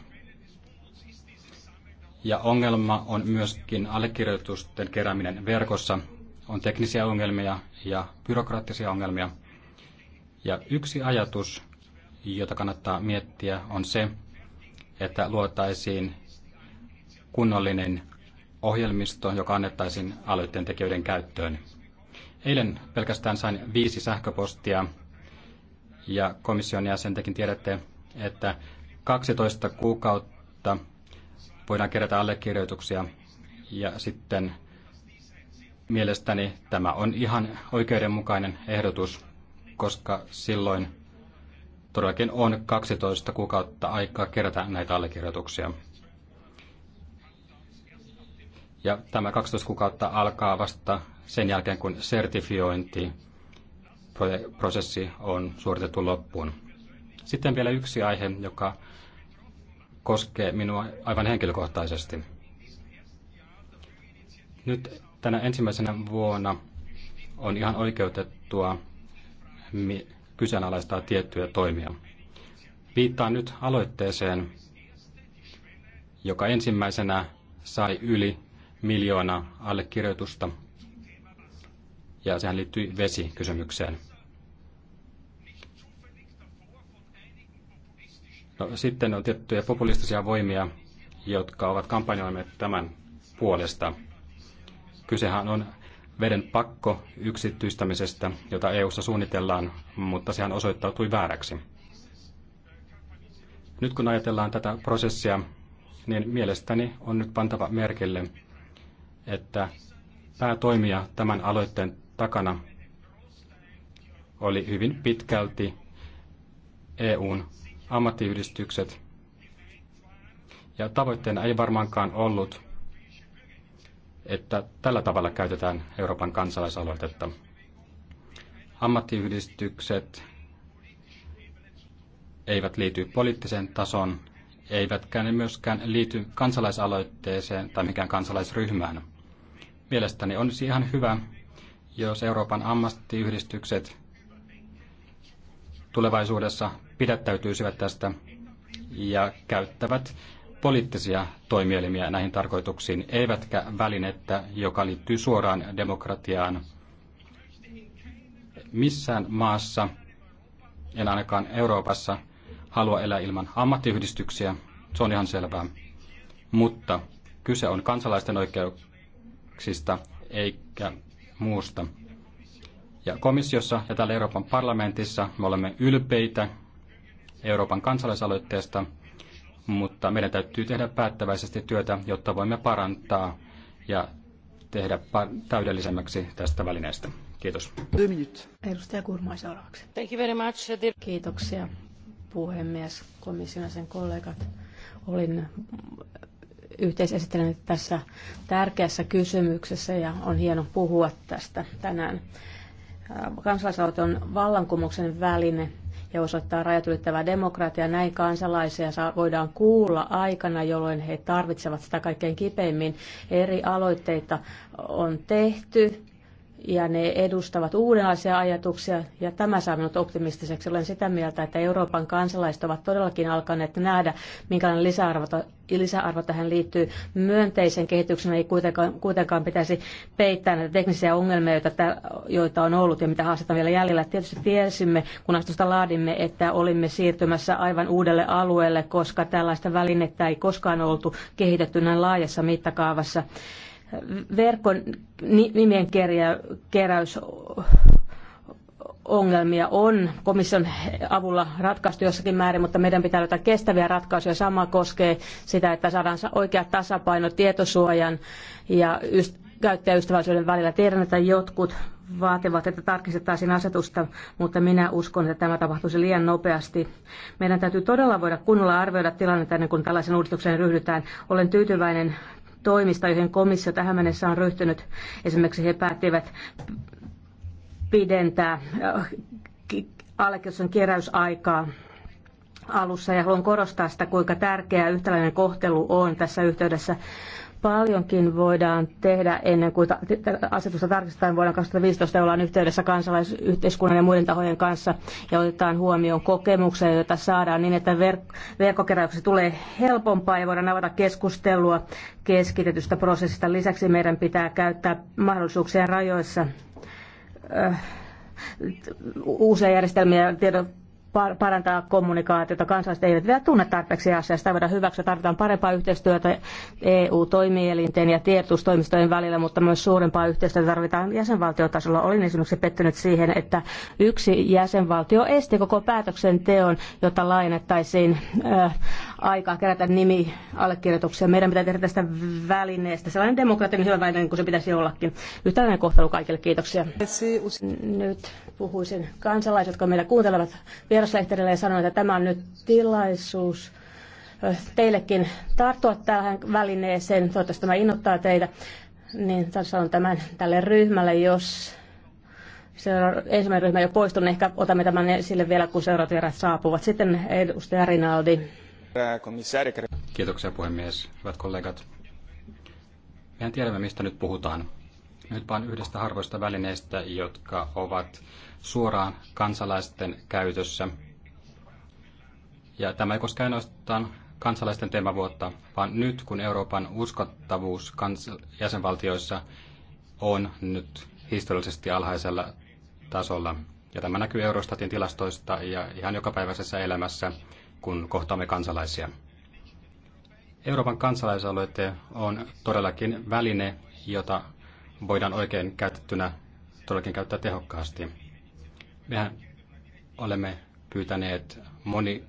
Ja ongelma on myöskin allekirjoitusten kerääminen verkossa. On teknisiä ongelmia ja byrokraattisia ongelmia. Ja yksi ajatus, jota kannattaa miettiä, on se, että luotaisiin kunnollinen ohjelmisto, joka annettaisiin aloitteen tekijöiden käyttöön. Eilen pelkästään sain viisi sähköpostia ja komission jäsentekin tiedätte, että 12 kuukautta voidaan kerätä allekirjoituksia ja sitten mielestäni tämä on ihan oikeudenmukainen ehdotus, koska silloin todellakin on 12 kuukautta aikaa kerätä näitä allekirjoituksia. Ja tämä 12 kuukautta alkaa vasta sen jälkeen, kun sertifiointi prosessi on suoritettu loppuun. Sitten vielä yksi aihe, joka koskee minua aivan henkilökohtaisesti. Nyt tänä ensimmäisenä vuonna on ihan oikeutettua kyseenalaistaa tiettyjä toimia. Viittaan nyt aloitteeseen, joka ensimmäisenä sai yli miljoonaa allekirjoitusta, ja sehän liittyi vesikysymykseen. No, sitten on tiettyjä populistisia voimia, jotka ovat kampanjoineet tämän puolesta. Kysehän on veden pakko yksityistämisestä, jota EU-ssa suunnitellaan, mutta sehän osoittautui vääräksi. Nyt kun ajatellaan tätä prosessia, niin mielestäni on nyt pantava merkille, että päätoimija tämän aloitteen takana oli hyvin pitkälti EUn ammattiyhdistykset. Ja tavoitteena ei varmaankaan ollut, että tällä tavalla käytetään Euroopan kansalaisaloitetta. Ammattiyhdistykset eivät liity poliittiseen tasoon, eivätkä ne myöskään liity kansalaisaloitteeseen tai mikään kansalaisryhmään. Mielestäni olisi ihan hyvä, jos Euroopan ammattiyhdistykset tulevaisuudessa pidättäytyisivät tästä ja käyttävät poliittisia toimielimiä näihin tarkoituksiin, eivätkä välinettä, joka liittyy suoraan demokratiaan. Missään maassa, en ainakaan Euroopassa, halua elää ilman ammattiyhdistyksiä, se on ihan selvää. Mutta kyse on kansalaisten oikeuksista sopimuksista eikä muusta. Ja komissiossa ja täällä Euroopan parlamentissa me olemme ylpeitä Euroopan kansalaisaloitteesta, mutta meidän täytyy tehdä päättäväisesti työtä, jotta voimme parantaa ja tehdä täydellisemmäksi tästä välineestä. Kiitos. Edustaja Kurma seuraavaksi. Thank you very much. Uh, Kiitoksia puhemies, komission sen kollegat. Olin yhteisesittelijänä tässä tärkeässä kysymyksessä ja on hieno puhua tästä tänään. Äh, kansalaisaloite on vallankumouksen väline ja osoittaa rajat ylittävää demokratiaa. Näin kansalaisia voidaan kuulla aikana, jolloin he tarvitsevat sitä kaikkein kipeimmin. Eri aloitteita on tehty ja ne edustavat uudenlaisia ajatuksia, ja tämä saa minut optimistiseksi. Olen sitä mieltä, että Euroopan kansalaiset ovat todellakin alkaneet nähdä, minkälainen lisäarvo, lisäarvo tähän liittyy. Myönteisen kehityksen ei kuitenkaan, kuitenkaan pitäisi peittää näitä teknisiä ongelmia, joita, joita on ollut ja mitä haastetta vielä jäljellä. Tietysti tiesimme, kun astusta laadimme, että olimme siirtymässä aivan uudelle alueelle, koska tällaista välinettä ei koskaan oltu kehitetty näin laajassa mittakaavassa verkon nimien keräys ongelmia on komission avulla ratkaistu jossakin määrin, mutta meidän pitää löytää kestäviä ratkaisuja. Sama koskee sitä, että saadaan oikea tasapaino tietosuojan ja käyttäjäystävällisyyden välillä. Tiedän, että jotkut vaativat, että tarkistettaisiin asetusta, mutta minä uskon, että tämä tapahtuisi liian nopeasti. Meidän täytyy todella voida kunnolla arvioida tilannetta ennen kuin tällaisen uudistuksen ryhdytään. Olen tyytyväinen toimista, joihin komissio tähän mennessä on ryhtynyt. Esimerkiksi he päättivät pidentää äh, allekirjoituksen keräysaikaa alussa ja haluan korostaa sitä, kuinka tärkeä yhtäläinen kohtelu on tässä yhteydessä. Paljonkin voidaan tehdä ennen kuin asetusta tarkistetaan vuonna 2015 ollaan yhteydessä kansalaisyhteiskunnan ja muiden tahojen kanssa ja otetaan huomioon kokemuksia, joita saadaan niin, että verk- verkkokeräyksestä tulee helpompaa ja voidaan avata keskustelua keskitetystä prosessista. Lisäksi meidän pitää käyttää mahdollisuuksien rajoissa uusia järjestelmiä tiedon parantaa kommunikaatiota. Kansalaiset eivät vielä tunne tarpeeksi asiaa. Sitä voidaan hyväksyä. Tarvitaan parempaa yhteistyötä EU-toimielinten ja tiedotustoimistojen välillä, mutta myös suurempaa yhteistyötä tarvitaan jäsenvaltiotasolla. Olin esimerkiksi pettynyt siihen, että yksi jäsenvaltio esti koko päätöksenteon, jota lainettaisiin äh, aikaa kerätä nimi allekirjoituksia. Meidän pitää tehdä tästä välineestä sellainen demokraattinen hyvä väline kuin se pitäisi ollakin. Yhtäläinen kohtelu kaikille. Kiitoksia. Nyt puhuisin kansalaiset, jotka meillä kuuntelevat vieraslehterillä ja sanoin, että tämä on nyt tilaisuus teillekin tarttua tähän välineeseen. Toivottavasti tämä innoittaa teitä. Niin sanon tämän tälle ryhmälle, jos seura- ensimmäinen ryhmä jo poistunut, niin ehkä otamme tämän esille vielä, kun seuraavat vierat saapuvat. Sitten edustaja Rinaldi. Kiitoksia puhemies, hyvät kollegat. Mehän tiedämme, mistä nyt puhutaan. Nyt vain yhdestä harvoista välineistä, jotka ovat suoraan kansalaisten käytössä. Ja tämä ei koske ainoastaan kansalaisten teemavuotta, vaan nyt kun Euroopan uskottavuus jäsenvaltioissa on nyt historiallisesti alhaisella tasolla. Ja tämä näkyy Eurostatin tilastoista ja ihan jokapäiväisessä elämässä, kun kohtaamme kansalaisia. Euroopan kansalaisaloite on todellakin väline, jota voidaan oikein käytettynä todellakin käyttää tehokkaasti. Mehän olemme pyytäneet moni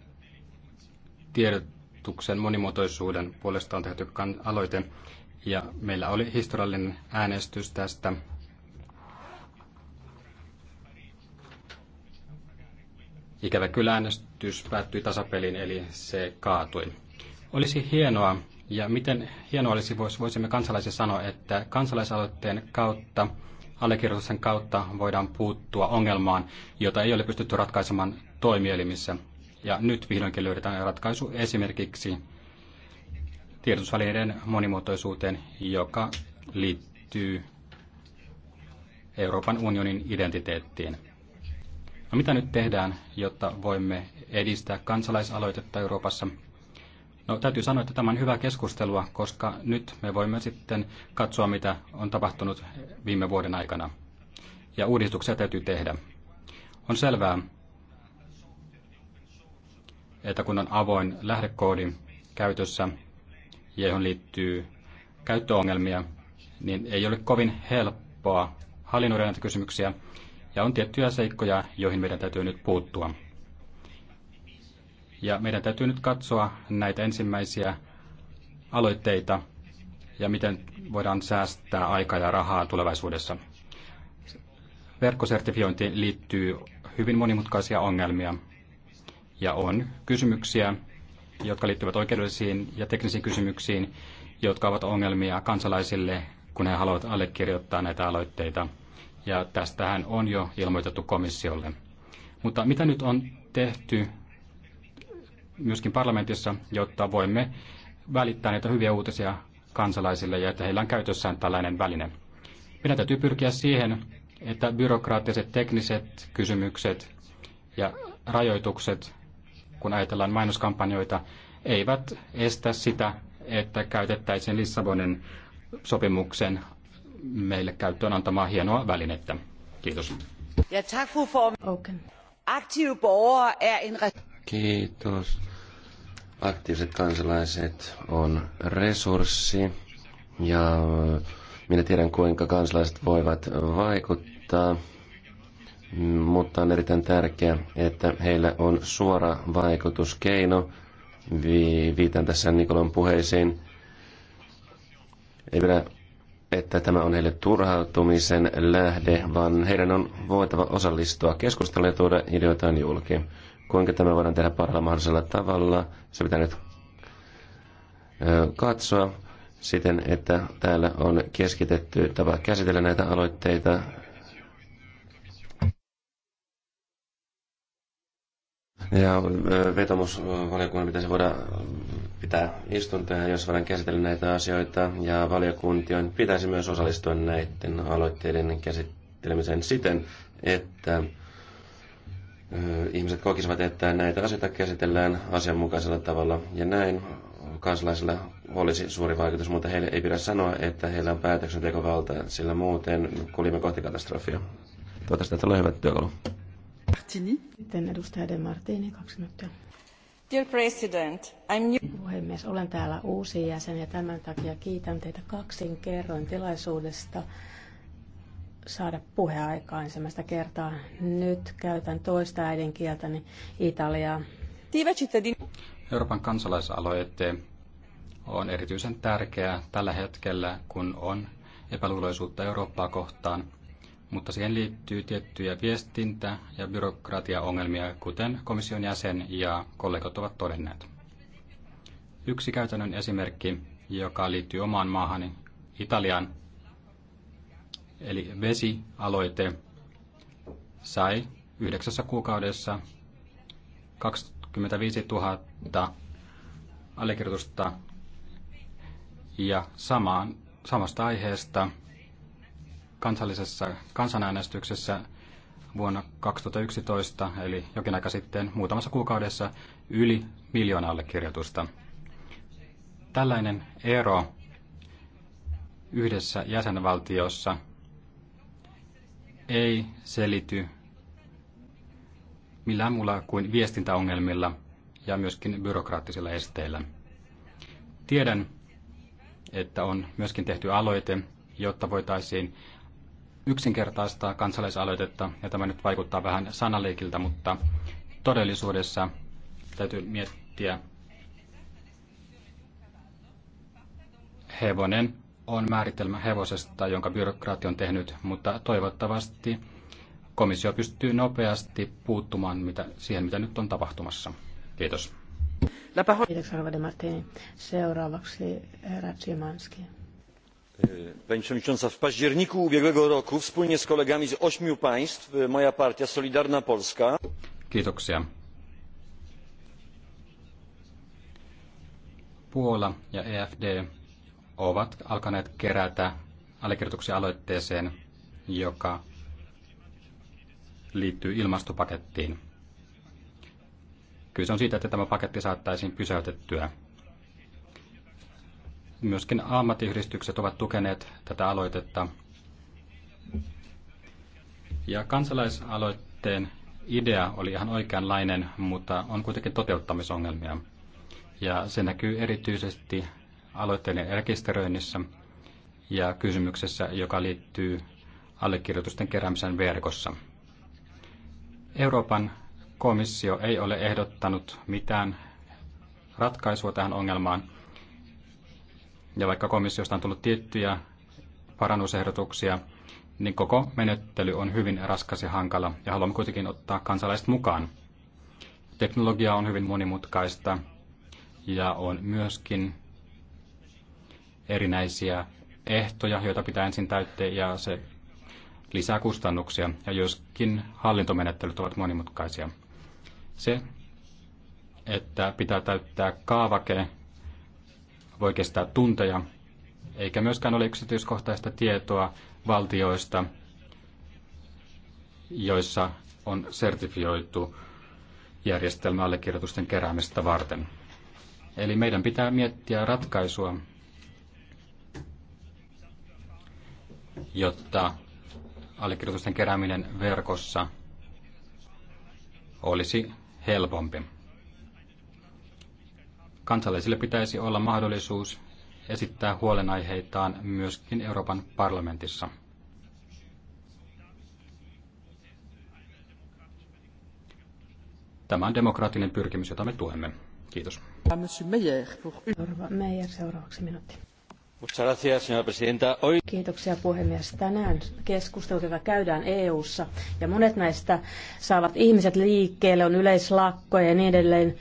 tiedotuksen monimuotoisuuden puolesta on tehty aloite, ja meillä oli historiallinen äänestys tästä. Ikävä kyllä äänestys päättyi tasapeliin, eli se kaatui. Olisi hienoa, ja miten hienoa olisi, voisimme kansalaisille sanoa, että kansalaisaloitteen kautta allekirjoituksen kautta voidaan puuttua ongelmaan, jota ei ole pystytty ratkaisemaan toimielimissä. Ja nyt vihdoinkin löydetään ratkaisu esimerkiksi tiedotusvälineiden monimuotoisuuteen, joka liittyy Euroopan unionin identiteettiin. No mitä nyt tehdään, jotta voimme edistää kansalaisaloitetta Euroopassa? No täytyy sanoa, että tämä on hyvä keskustelua, koska nyt me voimme sitten katsoa, mitä on tapahtunut viime vuoden aikana. Ja uudistuksia täytyy tehdä. On selvää, että kun on avoin lähdekoodi käytössä, johon liittyy käyttöongelmia, niin ei ole kovin helppoa hallinnoida näitä kysymyksiä, ja on tiettyjä seikkoja, joihin meidän täytyy nyt puuttua. Ja meidän täytyy nyt katsoa näitä ensimmäisiä aloitteita ja miten voidaan säästää aikaa ja rahaa tulevaisuudessa. Verkkosertifiointiin liittyy hyvin monimutkaisia ongelmia ja on kysymyksiä, jotka liittyvät oikeudellisiin ja teknisiin kysymyksiin, jotka ovat ongelmia kansalaisille, kun he haluavat allekirjoittaa näitä aloitteita. Ja tästähän on jo ilmoitettu komissiolle. Mutta mitä nyt on tehty myöskin parlamentissa, jotta voimme välittää näitä hyviä uutisia kansalaisille ja että heillä on käytössään tällainen väline. Meidän täytyy pyrkiä siihen, että byrokraattiset tekniset kysymykset ja rajoitukset, kun ajatellaan mainoskampanjoita, eivät estä sitä, että käytettäisiin Lissabonin sopimuksen meille käyttöön antamaa hienoa välinettä. Kiitos. Ja tack, Kiitos. Aktiiviset kansalaiset on resurssi ja minä tiedän kuinka kansalaiset voivat vaikuttaa, mutta on erittäin tärkeää, että heillä on suora vaikutuskeino. Viitan tässä Nikolon puheisiin. Ei pidä että tämä on heille turhautumisen lähde, vaan heidän on voitava osallistua keskusteluun ja tuoda ideoitaan julkiin. Kuinka tämä voidaan tehdä parhaalla mahdollisella tavalla, se pitää nyt katsoa siten, että täällä on keskitetty tapa käsitellä näitä aloitteita. Ja vetomusvaliokunnan pitäisi voida pitää istuntoja, jos voidaan käsitellä näitä asioita, ja valiokuntien pitäisi myös osallistua näiden aloitteiden käsittelemiseen siten, että ihmiset kokisivat, että näitä asioita käsitellään asianmukaisella tavalla. Ja näin kansalaisilla olisi suuri vaikutus, mutta heille ei pidä sanoa, että heillä on päätöksentekovalta, sillä muuten kuljemme kohti katastrofia. Toivottavasti että tulee hyvä työkalu. Martini. Sitten edustaja De Martini, kaksi minuuttia. Dear President, I'm new. Puhemies, olen täällä uusi jäsen ja tämän takia kiitän teitä kaksin kerroin tilaisuudesta saada puheaikaa ensimmäistä kertaa. Nyt käytän toista äidinkieltäni Italiaa. Euroopan kansalaisaloite on erityisen tärkeä tällä hetkellä, kun on epäluuloisuutta Eurooppaa kohtaan, mutta siihen liittyy tiettyjä viestintä- ja byrokratiaongelmia, kuten komission jäsen ja kollegat ovat todenneet. Yksi käytännön esimerkki, joka liittyy omaan maahani, Italiaan, Eli vesialoite sai yhdeksässä kuukaudessa 25 000 allekirjoitusta ja samaan, samasta aiheesta kansallisessa kansanäänestyksessä vuonna 2011, eli jokin aika sitten muutamassa kuukaudessa yli miljoona allekirjoitusta. Tällainen ero yhdessä jäsenvaltiossa ei selity millään muulla kuin viestintäongelmilla ja myöskin byrokraattisilla esteillä. Tiedän, että on myöskin tehty aloite, jotta voitaisiin yksinkertaistaa kansalaisaloitetta, ja tämä nyt vaikuttaa vähän sanaleikiltä, mutta todellisuudessa täytyy miettiä hevonen on määritelmä hevosesta, jonka byrokraatti on tehnyt, mutta toivottavasti komissio pystyy nopeasti puuttumaan mitä, siihen, mitä nyt on tapahtumassa. Kiitos. Kiitoksia, Arvade Martini. Seuraavaksi Racimanski. E, pani Przewodnicząca! W październiku ubiegłego roku wspólnie z kolegami z ośmiu państw e, moja partia Solidarna Polska Kiitoksia. Puola ja EFD ovat alkaneet kerätä allekirjoituksia aloitteeseen, joka liittyy ilmastopakettiin. Kyse on siitä, että tämä paketti saattaisiin pysäytettyä. Myöskin ammattiyhdistykset ovat tukeneet tätä aloitetta. Ja kansalaisaloitteen idea oli ihan oikeanlainen, mutta on kuitenkin toteuttamisongelmia. Ja se näkyy erityisesti aloitteiden rekisteröinnissä ja kysymyksessä, joka liittyy allekirjoitusten keräämisen verkossa. Euroopan komissio ei ole ehdottanut mitään ratkaisua tähän ongelmaan, ja vaikka komissiosta on tullut tiettyjä parannusehdotuksia, niin koko menettely on hyvin raskas ja hankala, ja haluamme kuitenkin ottaa kansalaiset mukaan. Teknologia on hyvin monimutkaista, ja on myöskin erinäisiä ehtoja, joita pitää ensin täyttää ja se lisää kustannuksia ja joskin hallintomenettelyt ovat monimutkaisia. Se, että pitää täyttää kaavake, voi kestää tunteja, eikä myöskään ole yksityiskohtaista tietoa valtioista, joissa on sertifioitu järjestelmä allekirjoitusten keräämistä varten. Eli meidän pitää miettiä ratkaisua, jotta allekirjoitusten kerääminen verkossa olisi helpompi. Kansalaisille pitäisi olla mahdollisuus esittää huolenaiheitaan myöskin Euroopan parlamentissa. Tämä on demokraattinen pyrkimys, jota me tuemme. Kiitos. Meijer, seuraavaksi minuutti. Kiitoksia puhemies. Tänään keskustelut, joita käydään EU:ssa ja monet näistä saavat ihmiset liikkeelle, on yleislakkoja ja niin edelleen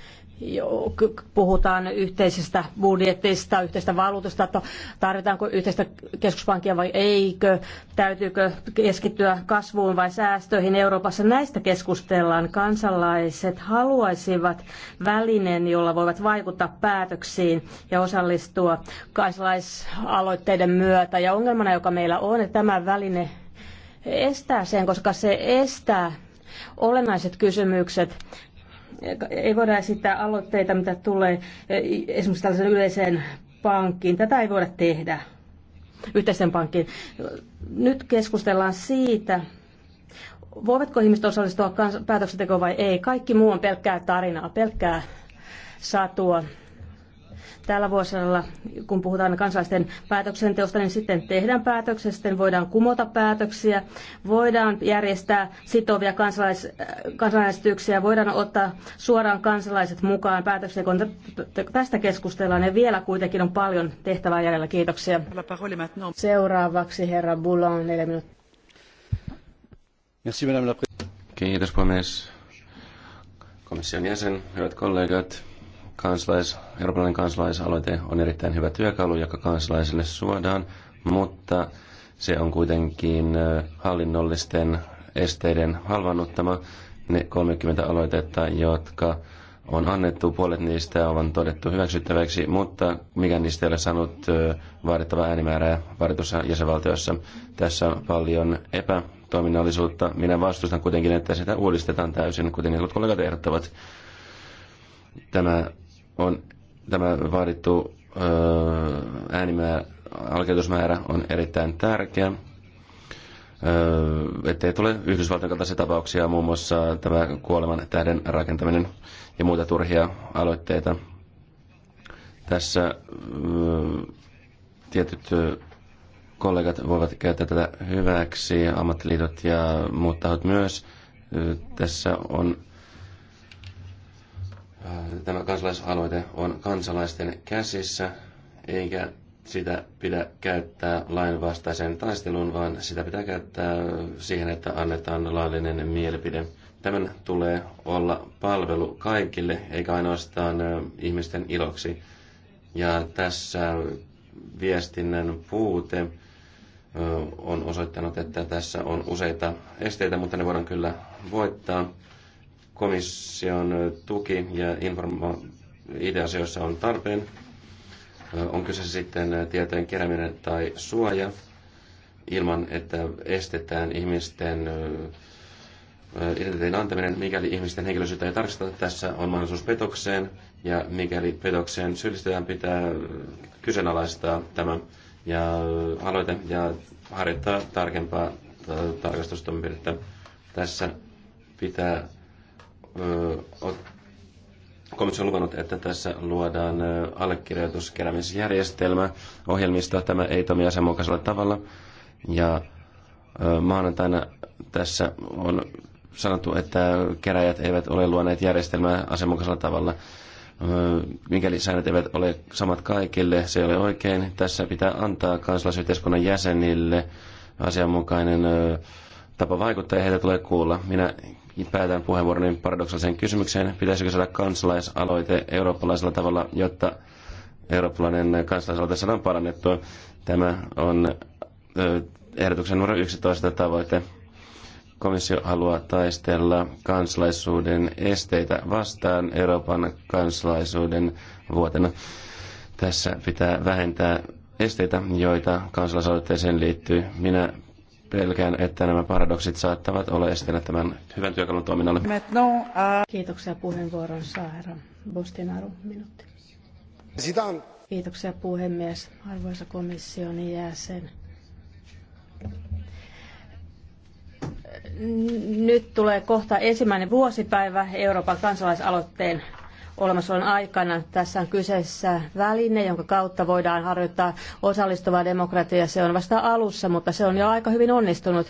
puhutaan yhteisestä budjetista, yhteisestä valuutasta, että tarvitaanko yhteistä keskuspankkia vai eikö, täytyykö keskittyä kasvuun vai säästöihin Euroopassa. Näistä keskustellaan. Kansalaiset haluaisivat välineen, jolla voivat vaikuttaa päätöksiin ja osallistua kansalaisaloitteiden myötä. Ja ongelmana, joka meillä on, että tämä väline estää sen, koska se estää olennaiset kysymykset ei voida esittää aloitteita, mitä tulee e, esimerkiksi tällaisen yleiseen pankkiin. Tätä ei voida tehdä yhteisen pankkiin. Nyt keskustellaan siitä, voivatko ihmiset osallistua päätöksentekoon vai ei. Kaikki muu on pelkkää tarinaa, pelkkää satua tällä vuosilla, kun puhutaan kansalaisten päätöksenteosta, niin sitten tehdään päätöksiä, sitten voidaan kumota päätöksiä, voidaan järjestää sitovia kansalais, kansanäänestyksiä, voidaan ottaa suoraan kansalaiset mukaan kun Tästä keskustellaan ja vielä kuitenkin on paljon tehtävää jäljellä. Kiitoksia. Seuraavaksi herra Boulon, neljä minuuttia. Kiitos puhemies komission jäsen, hyvät kollegat kansalais, eurooppalainen kansalaisaloite on erittäin hyvä työkalu, joka kansalaisille suodaan, mutta se on kuitenkin hallinnollisten esteiden halvannuttama. Ne 30 aloitetta, jotka on annettu, puolet niistä on todettu hyväksyttäväksi, mutta mikä niistä ei ole saanut vaadittavaa äänimäärää vaaditussa jäsenvaltiossa. Tässä on paljon epätoiminnallisuutta. Minä vastustan kuitenkin, että sitä uudistetaan täysin, kuten jotkut kollegat ehdottavat. Tämä on tämä vaadittu äänimäärä, alkeutusmäärä on erittäin tärkeä. Öö, ettei tule Yhdysvaltain kaltaisia tapauksia, muun muassa tämä kuoleman tähden rakentaminen ja muita turhia aloitteita. Tässä öö, tietyt kollegat voivat käyttää tätä hyväksi, ammattiliitot ja muut tahot myös. Tässä on Äh, tämä kansalaisaloite on kansalaisten käsissä, eikä sitä pidä käyttää lainvastaiseen taisteluun, vaan sitä pitää käyttää siihen, että annetaan laillinen mielipide. Tämän tulee olla palvelu kaikille, eikä ainoastaan äh, ihmisten iloksi. Ja tässä viestinnän puute äh, on osoittanut, että tässä on useita esteitä, mutta ne voidaan kyllä voittaa komission tuki ja informa- ideasioissa on tarpeen. On kyse sitten tietojen kerääminen tai suoja ilman, että estetään ihmisten identiteetin antaminen, mikäli ihmisten henkilöisyyttä ei tarkisteta. Tässä on mahdollisuus petokseen, ja mikäli petokseen syyllistetään, pitää kyseenalaistaa tämä ja aloite ja harjoittaa tarkempaa tarkastustoimenpidettä. Tässä pitää komissio on luvannut, että tässä luodaan allekirjoituskeräämisjärjestelmä ohjelmistoa Tämä ei toimi asianmukaisella tavalla. Ja maanantaina tässä on sanottu, että keräjät eivät ole luoneet järjestelmää asianmukaisella tavalla. Mikäli säännöt eivät ole samat kaikille, se ei ole oikein. Tässä pitää antaa kansalaisyhteiskunnan jäsenille asianmukainen tapa vaikuttaa ja heitä tulee kuulla. Minä päätän niin paradoksaaliseen kysymykseen. Pitäisikö saada kansalaisaloite eurooppalaisella tavalla, jotta eurooppalainen kansalaisaloite saadaan parannettua? Tämä on ehdotuksen numero 11 tavoite. Komissio haluaa taistella kansalaisuuden esteitä vastaan Euroopan kansalaisuuden vuotena. Tässä pitää vähentää esteitä, joita kansalaisaloitteeseen liittyy. Minä pelkään, että nämä paradoksit saattavat olla esteenä tämän hyvän työkalun toiminnalle. Kiitoksia puheenvuoron saa herra Bostinaru, minuutti. Kiitoksia puhemies, arvoisa komission jäsen. Nyt tulee kohta ensimmäinen vuosipäivä Euroopan kansalaisaloitteen olemassaolon aikana. Tässä on kyseessä väline, jonka kautta voidaan harjoittaa osallistuvaa demokratiaa. Se on vasta alussa, mutta se on jo aika hyvin onnistunut.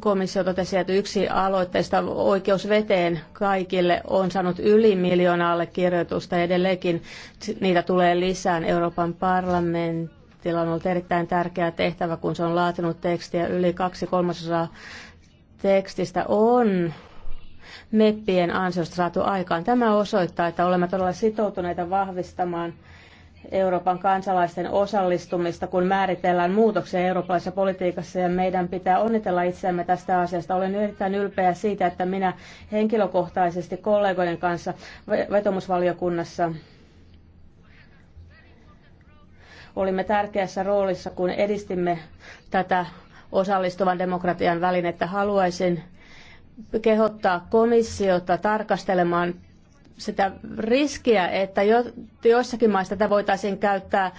Komissio totesi, että yksi aloitteista oikeus veteen kaikille on saanut yli miljoona allekirjoitusta edelleenkin. Niitä tulee lisään Euroopan parlamentilla on ollut erittäin tärkeä tehtävä, kun se on laatinut tekstiä. Yli kaksi kolmasosaa tekstistä on meppien ansiosta saatu aikaan. Tämä osoittaa, että olemme todella sitoutuneita vahvistamaan Euroopan kansalaisten osallistumista, kun määritellään muutoksia eurooppalaisessa politiikassa ja meidän pitää onnitella itseämme tästä asiasta. Olen erittäin ylpeä siitä, että minä henkilökohtaisesti kollegoiden kanssa vetomusvaliokunnassa olimme tärkeässä roolissa, kun edistimme tätä osallistuvan demokratian välinettä. Haluaisin kehottaa komissiota tarkastelemaan sitä riskiä, että jo, joissakin maissa tätä voitaisiin käyttää äh,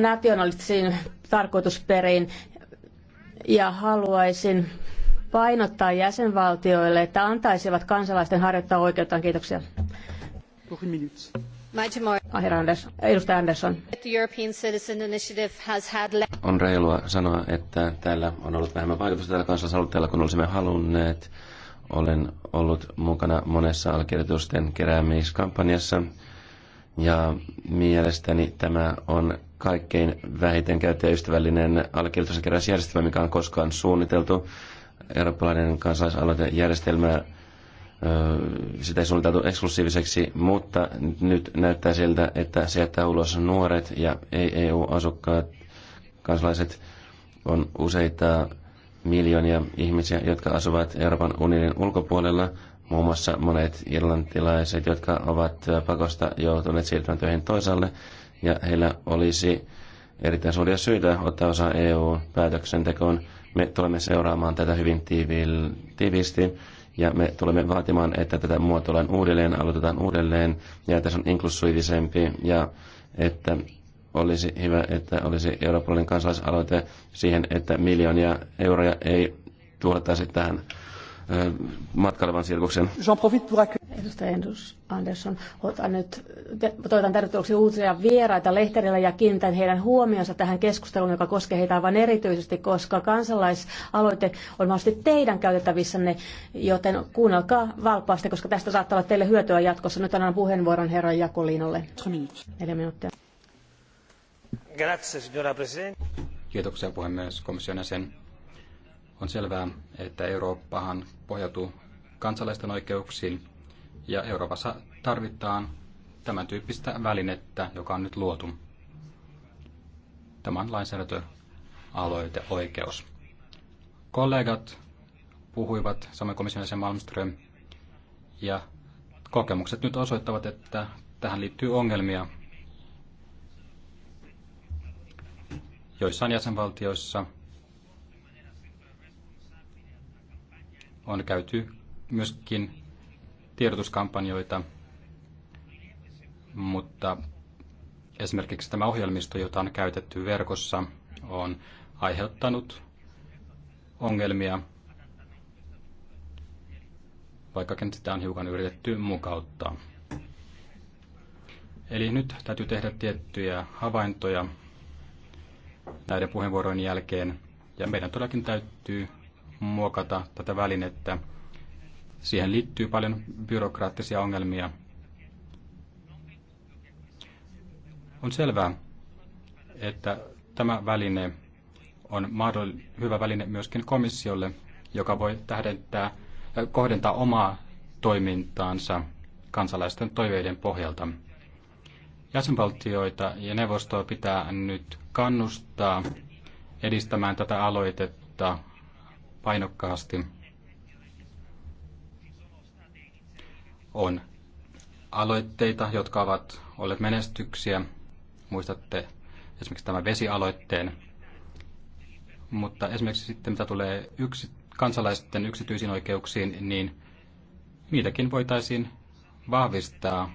nationalistisiin tarkoitusperiin. Ja haluaisin painottaa jäsenvaltioille, että antaisivat kansalaisten harjoittaa oikeuttaan. Kiitoksia. Ah, edustaja Andersson. On reilua sanoa, että täällä on ollut vähemmän vaikutusta tällä kansalaisaloitteella kuin olisimme halunneet. Olen ollut mukana monessa allekirjoitusten keräämiskampanjassa ja mielestäni tämä on kaikkein vähiten käyttäjäystävällinen allekirjoitusten keräysjärjestelmä, mikä on koskaan suunniteltu. Eurooppalainen kansalaisaloitejärjestelmä järjestelmä sitä ei suunniteltu eksklusiiviseksi, mutta nyt näyttää siltä, että se jättää ulos nuoret ja eu e asukkaat kansalaiset, on useita miljoonia ihmisiä, jotka asuvat Euroopan unionin ulkopuolella, muun muassa monet irlantilaiset, jotka ovat pakosta joutuneet siirtymään töihin toisaalle, ja heillä olisi erittäin suuria syitä ottaa osaa EU-päätöksentekoon. Me tulemme seuraamaan tätä hyvin tiiviisti ja me tulemme vaatimaan, että tätä muotoillaan uudelleen, aloitetaan uudelleen, ja että se on inklusiivisempi, ja että olisi hyvä, että olisi eurooppalainen kansalaisaloite siihen, että miljoonia euroja ei tuhlattaisi tähän matkailevan sirkuksen. Edustaja Endus Andersson, otan nyt, toivotan tervetulleeksi uusia vieraita lehterillä ja kiinnitän heidän huomionsa tähän keskusteluun, joka koskee heitä aivan erityisesti, koska kansalaisaloite on mahdollisesti teidän käytettävissänne, joten kuunnelkaa valppaasti, koska tästä saattaa olla teille hyötyä jatkossa. Nyt annan puheenvuoron herran Jakoliinolle. Neljä minuuttia. Grazie, signora Presidente. Kiitoksia puhemies komission jäsen on selvää, että Eurooppahan pohjautuu kansalaisten oikeuksiin ja Euroopassa tarvitaan tämän tyyppistä välinettä, joka on nyt luotu. Tämä on lainsäädäntöaloiteoikeus. Kollegat puhuivat, samoin komission jäsen Malmström, ja kokemukset nyt osoittavat, että tähän liittyy ongelmia. Joissain jäsenvaltioissa – on käyty myöskin tiedotuskampanjoita, mutta esimerkiksi tämä ohjelmisto, jota on käytetty verkossa, on aiheuttanut ongelmia, vaikkakin sitä on hiukan yritetty mukauttaa. Eli nyt täytyy tehdä tiettyjä havaintoja näiden puheenvuorojen jälkeen, ja meidän todellakin täytyy muokata tätä välinettä. Siihen liittyy paljon byrokraattisia ongelmia. On selvää, että tämä väline on hyvä väline myöskin komissiolle, joka voi tähdentää, äh, kohdentaa omaa toimintaansa kansalaisten toiveiden pohjalta. Jäsenvaltioita ja neuvostoa pitää nyt kannustaa edistämään tätä aloitetta painokkaasti, on aloitteita, jotka ovat olleet menestyksiä. Muistatte esimerkiksi tämän vesialoitteen. Mutta esimerkiksi sitten mitä tulee yksi, kansalaisten yksityisiin oikeuksiin, niin niitäkin voitaisiin vahvistaa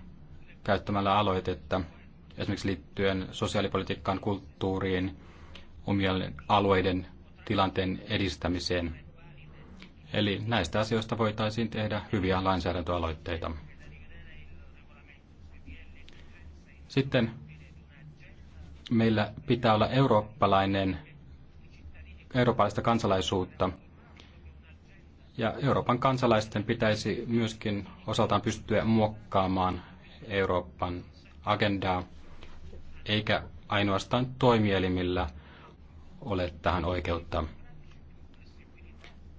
käyttämällä aloitetta esimerkiksi liittyen sosiaalipolitiikkaan, kulttuuriin, omien alueiden tilanteen edistämiseen. Eli näistä asioista voitaisiin tehdä hyviä lainsäädäntöaloitteita. Sitten meillä pitää olla eurooppalainen, eurooppalaista kansalaisuutta. Ja Euroopan kansalaisten pitäisi myöskin osaltaan pystyä muokkaamaan Euroopan agendaa, eikä ainoastaan toimielimillä – ole tähän oikeutta.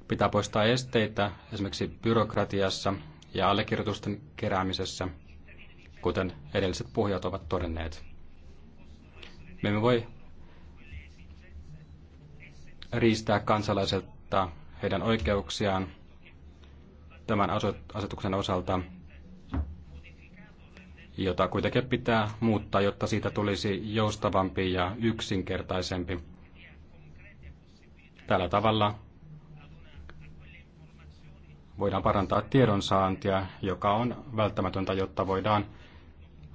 Pitää poistaa esteitä esimerkiksi byrokratiassa ja allekirjoitusten keräämisessä, kuten edelliset puhujat ovat todenneet. Me emme voi riistää kansalaiselta heidän oikeuksiaan tämän asetuksen osalta, jota kuitenkin pitää muuttaa, jotta siitä tulisi joustavampi ja yksinkertaisempi Tällä tavalla voidaan parantaa tiedonsaantia, joka on välttämätöntä, jotta voidaan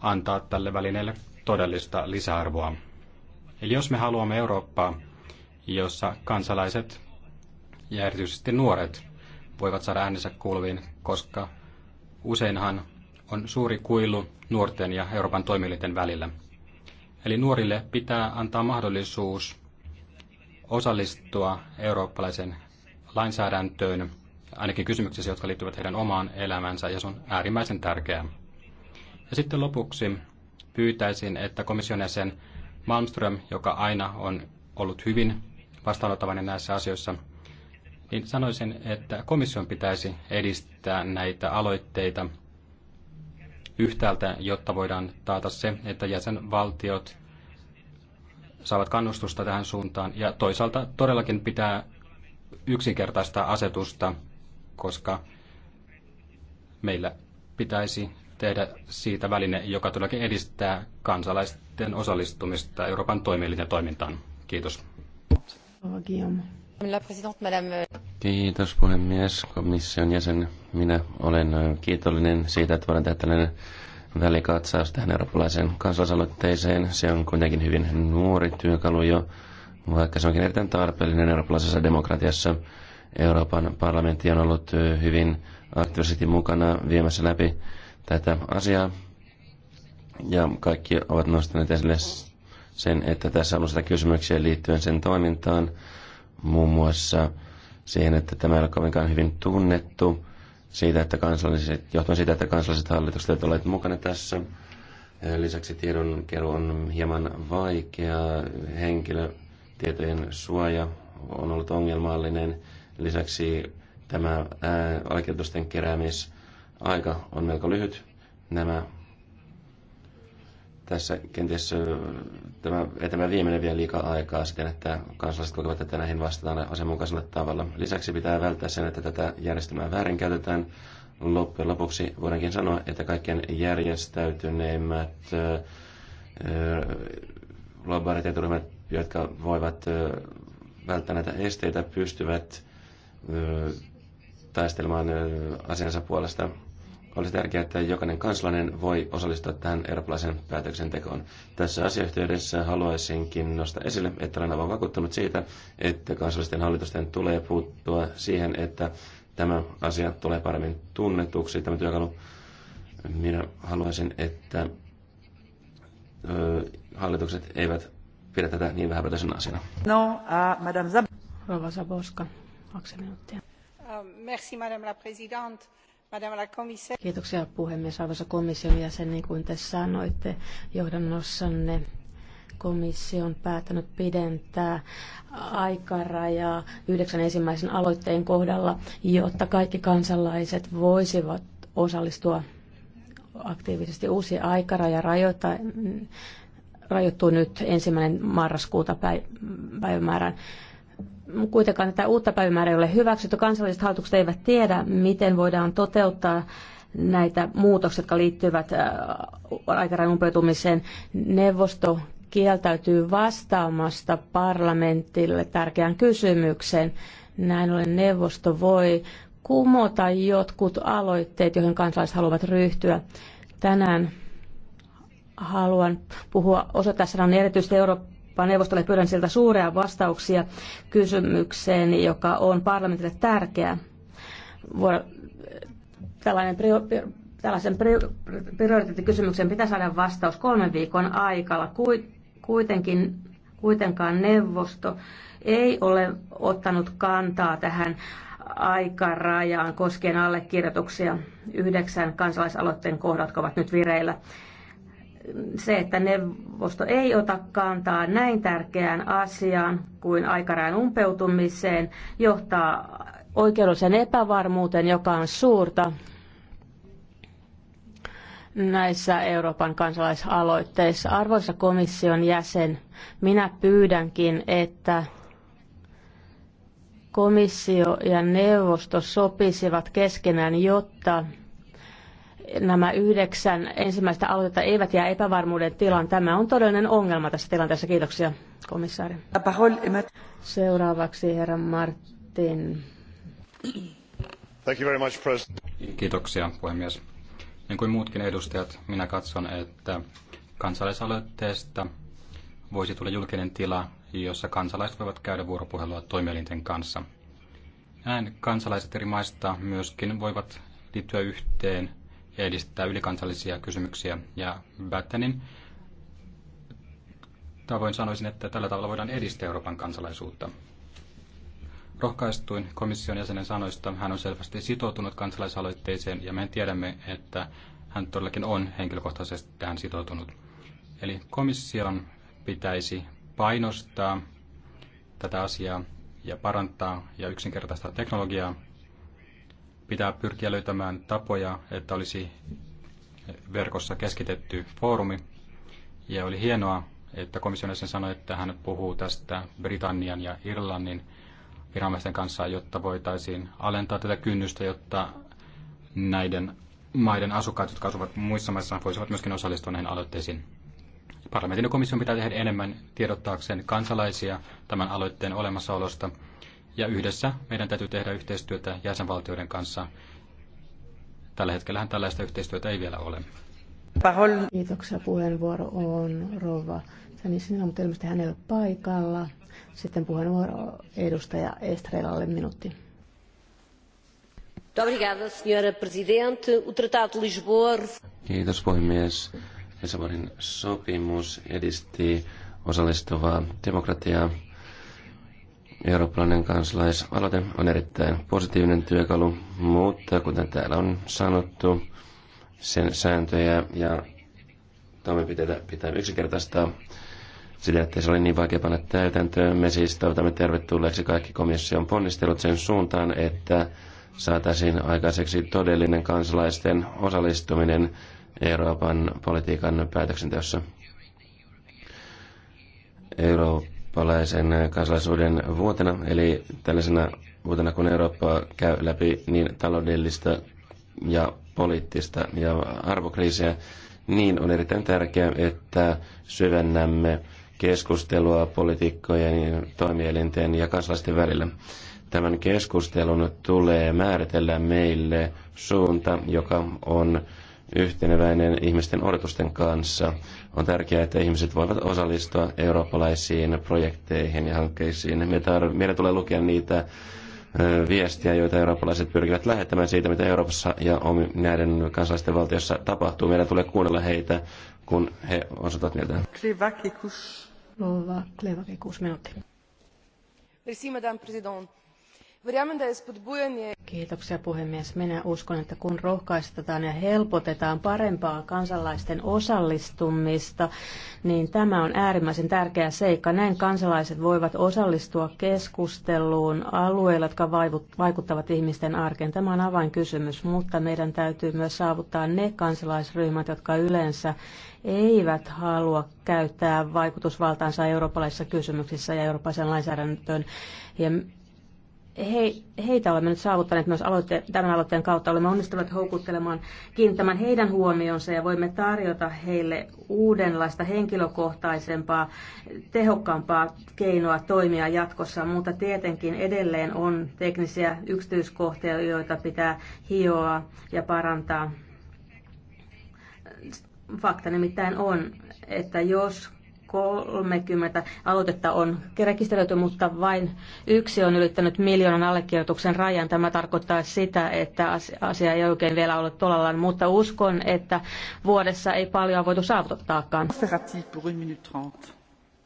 antaa tälle välineelle todellista lisäarvoa. Eli jos me haluamme Eurooppaa, jossa kansalaiset ja erityisesti nuoret voivat saada äänensä kuuluviin, koska useinhan on suuri kuilu nuorten ja Euroopan toimijoiden välillä. Eli nuorille pitää antaa mahdollisuus osallistua eurooppalaisen lainsäädäntöön, ainakin kysymyksissä, jotka liittyvät heidän omaan elämänsä, ja se on äärimmäisen tärkeää. Ja sitten lopuksi pyytäisin, että komission jäsen Malmström, joka aina on ollut hyvin vastaanottavainen näissä asioissa, niin sanoisin, että komission pitäisi edistää näitä aloitteita yhtäältä, jotta voidaan taata se, että jäsenvaltiot saavat kannustusta tähän suuntaan. Ja toisaalta todellakin pitää yksinkertaista asetusta, koska meillä pitäisi tehdä siitä väline, joka todellakin edistää kansalaisten osallistumista Euroopan toimielinten toimintaan. Kiitos. Kiitos puhemies, komission jäsen. Minä olen kiitollinen siitä, että voidaan tehdä tällainen välikatsaus tähän eurooppalaiseen kansalaisaloitteeseen. Se on kuitenkin hyvin nuori työkalu jo, vaikka se onkin erittäin tarpeellinen eurooppalaisessa demokratiassa. Euroopan parlamentti on ollut hyvin aktiivisesti mukana viemässä läpi tätä asiaa. Ja kaikki ovat nostaneet esille sen, että tässä on ollut kysymyksiä liittyen sen toimintaan, muun muassa siihen, että tämä ei ole kovinkaan hyvin tunnettu siitä, että kansalliset, johtuen siitä, että kansalliset hallitukset ovat olleet mukana tässä. Lisäksi tiedonkeru on hieman vaikea, henkilötietojen suoja on ollut ongelmallinen. Lisäksi tämä oikeutusten keräämisaika on melko lyhyt. Nämä tässä kenties tämä, ei tämä viimeinen vielä liikaa aikaa siten, että kansalaiset kokevat, että näihin vastataan asianmukaisella tavalla. Lisäksi pitää välttää sen, että tätä järjestelmää väärinkäytetään. Loppujen lopuksi voidaankin sanoa, että kaikkien järjestäytyneimmät lobbarit ja turhimmat, jotka voivat välttää näitä esteitä, pystyvät taistelemaan asiansa puolesta olisi tärkeää, että jokainen kansalainen voi osallistua tähän eurooppalaisen päätöksentekoon. Tässä asiayhteydessä haluaisinkin nostaa esille, että olen aivan vakuuttunut siitä, että kansallisten hallitusten tulee puuttua siihen, että tämä asia tulee paremmin tunnetuksi, tämä työkalu. Minä haluaisin, että hallitukset eivät pidä tätä niin vähäpätöisenä asiana. No, uh, Madame Zab- Rova Zaborska, kaksi minuuttia. Uh, merci, Madame la Présidente. Kiitoksia puhemies, arvoisa komission jäsen, niin kuin te sanoitte johdannossanne komissio on päättänyt pidentää aikarajaa yhdeksän ensimmäisen aloitteen kohdalla, jotta kaikki kansalaiset voisivat osallistua aktiivisesti. Uusi aikaraja rajoittaa, rajoittuu nyt ensimmäinen marraskuuta päivämäärään. Kuitenkaan tätä uutta päivämäärää ei ole hyväksytty. Kansalliset hallitukset eivät tiedä, miten voidaan toteuttaa näitä muutoksia, jotka liittyvät äh, aikarajan umpeutumiseen. Neuvosto kieltäytyy vastaamasta parlamentille tärkeään kysymykseen. Näin ollen neuvosto voi kumota jotkut aloitteet, joihin kansalaiset haluavat ryhtyä. Tänään haluan puhua tässä on erityisesti Euroopan vaan neuvostolle pyydän siltä suuria vastauksia kysymykseen, joka on parlamentille tärkeä. Tällainen prio- tällaisen prioriteettikysymyksen pitää saada vastaus kolmen viikon aikana, Kuitenkin, kuitenkaan neuvosto ei ole ottanut kantaa tähän aikarajaan koskien allekirjoituksia. Yhdeksän kansalaisaloitteen kohdat ovat nyt vireillä se, että neuvosto ei ota kantaa näin tärkeään asiaan kuin aikarajan umpeutumiseen, johtaa oikeudellisen epävarmuuteen, joka on suurta näissä Euroopan kansalaisaloitteissa. Arvoisa komission jäsen, minä pyydänkin, että komissio ja neuvosto sopisivat keskenään, jotta nämä yhdeksän ensimmäistä aloitetta eivät jää epävarmuuden tilaan. Tämä on todellinen ongelma tässä tilanteessa. Kiitoksia, komissaari. Seuraavaksi herra Martin. Thank you very much, President. Kiitoksia, puhemies. Niin kuin muutkin edustajat, minä katson, että kansalaisaloitteesta voisi tulla julkinen tila, jossa kansalaiset voivat käydä vuoropuhelua toimielinten kanssa. Näin kansalaiset eri maista myöskin voivat liittyä yhteen ja edistää ylikansallisia kysymyksiä. Ja Battenin tavoin sanoisin, että tällä tavalla voidaan edistää Euroopan kansalaisuutta. Rohkaistuin komission jäsenen sanoista. Hän on selvästi sitoutunut kansalaisaloitteeseen ja me tiedämme, että hän todellakin on henkilökohtaisesti tähän sitoutunut. Eli komission pitäisi painostaa tätä asiaa ja parantaa ja yksinkertaistaa teknologiaa pitää pyrkiä löytämään tapoja, että olisi verkossa keskitetty foorumi. Ja oli hienoa, että komission jäsen sanoi, että hän puhuu tästä Britannian ja Irlannin viranomaisten kanssa, jotta voitaisiin alentaa tätä kynnystä, jotta näiden maiden asukkaat, jotka asuvat muissa maissa, voisivat myöskin osallistua näihin aloitteisiin. Parlamentin ja komission pitää tehdä enemmän tiedottaakseen kansalaisia tämän aloitteen olemassaolosta ja yhdessä meidän täytyy tehdä yhteistyötä jäsenvaltioiden kanssa. Tällä hetkellä tällaista yhteistyötä ei vielä ole. Kiitoksia. Puheenvuoro on Rova Sani Sinä, mutta ilmeisesti hänellä paikalla. Sitten puheenvuoro edustaja Estrelalle minuutti. Kiitos puhemies. Lissabonin sopimus edisti osallistuvaa demokratiaa Eurooppalainen kansalaisaloite on erittäin positiivinen työkalu, mutta kuten täällä on sanottu, sen sääntöjä ja toimenpiteitä pitää yksinkertaistaa sillä, ettei se ole niin vaikea panna täytäntöön. Me siis toivotamme tervetulleeksi kaikki komission ponnistelut sen suuntaan, että saataisiin aikaiseksi todellinen kansalaisten osallistuminen Euroopan politiikan päätöksenteossa. Euroopan eurooppalaisen kansalaisuuden vuotena, eli tällaisena vuotena, kun Eurooppa käy läpi niin taloudellista ja poliittista ja arvokriisiä, niin on erittäin tärkeää, että syvennämme keskustelua politiikkojen, toimielinten ja kansalaisten välillä. Tämän keskustelun tulee määritellä meille suunta, joka on yhteneväinen ihmisten odotusten kanssa. On tärkeää, että ihmiset voivat osallistua eurooppalaisiin projekteihin ja hankkeisiin. Meidän tulee lukea niitä viestiä, joita eurooppalaiset pyrkivät lähettämään siitä, mitä Euroopassa ja näiden kansalaisten valtiossa tapahtuu. Meidän tulee kuunnella heitä, kun he osoitat mieltä. Klevakikus. klevakikus minuutti. Merci, madame présidente Kiitoksia puhemies. Minä uskon, että kun rohkaistetaan ja helpotetaan parempaa kansalaisten osallistumista, niin tämä on äärimmäisen tärkeä seikka. Näin kansalaiset voivat osallistua keskusteluun alueilla, jotka vaikuttavat ihmisten arkeen. Tämä on avainkysymys, mutta meidän täytyy myös saavuttaa ne kansalaisryhmät, jotka yleensä eivät halua käyttää vaikutusvaltaansa eurooppalaisissa kysymyksissä ja eurooppalaisen lainsäädäntöön. Ja he, heitä olemme nyt saavuttaneet myös aloitte, tämän aloitteen kautta. Olemme onnistuneet houkuttelemaan, kiinnittämään heidän huomionsa ja voimme tarjota heille uudenlaista henkilökohtaisempaa, tehokkaampaa keinoa toimia jatkossa. Mutta tietenkin edelleen on teknisiä yksityiskohtia, joita pitää hioa ja parantaa. Fakta nimittäin on, että jos 30 aloitetta on rekisteröity, mutta vain yksi on ylittänyt miljoonan allekirjoituksen rajan. Tämä tarkoittaa sitä, että asia ei oikein vielä ole tolallaan, mutta uskon, että vuodessa ei paljon voitu saavuttaakaan.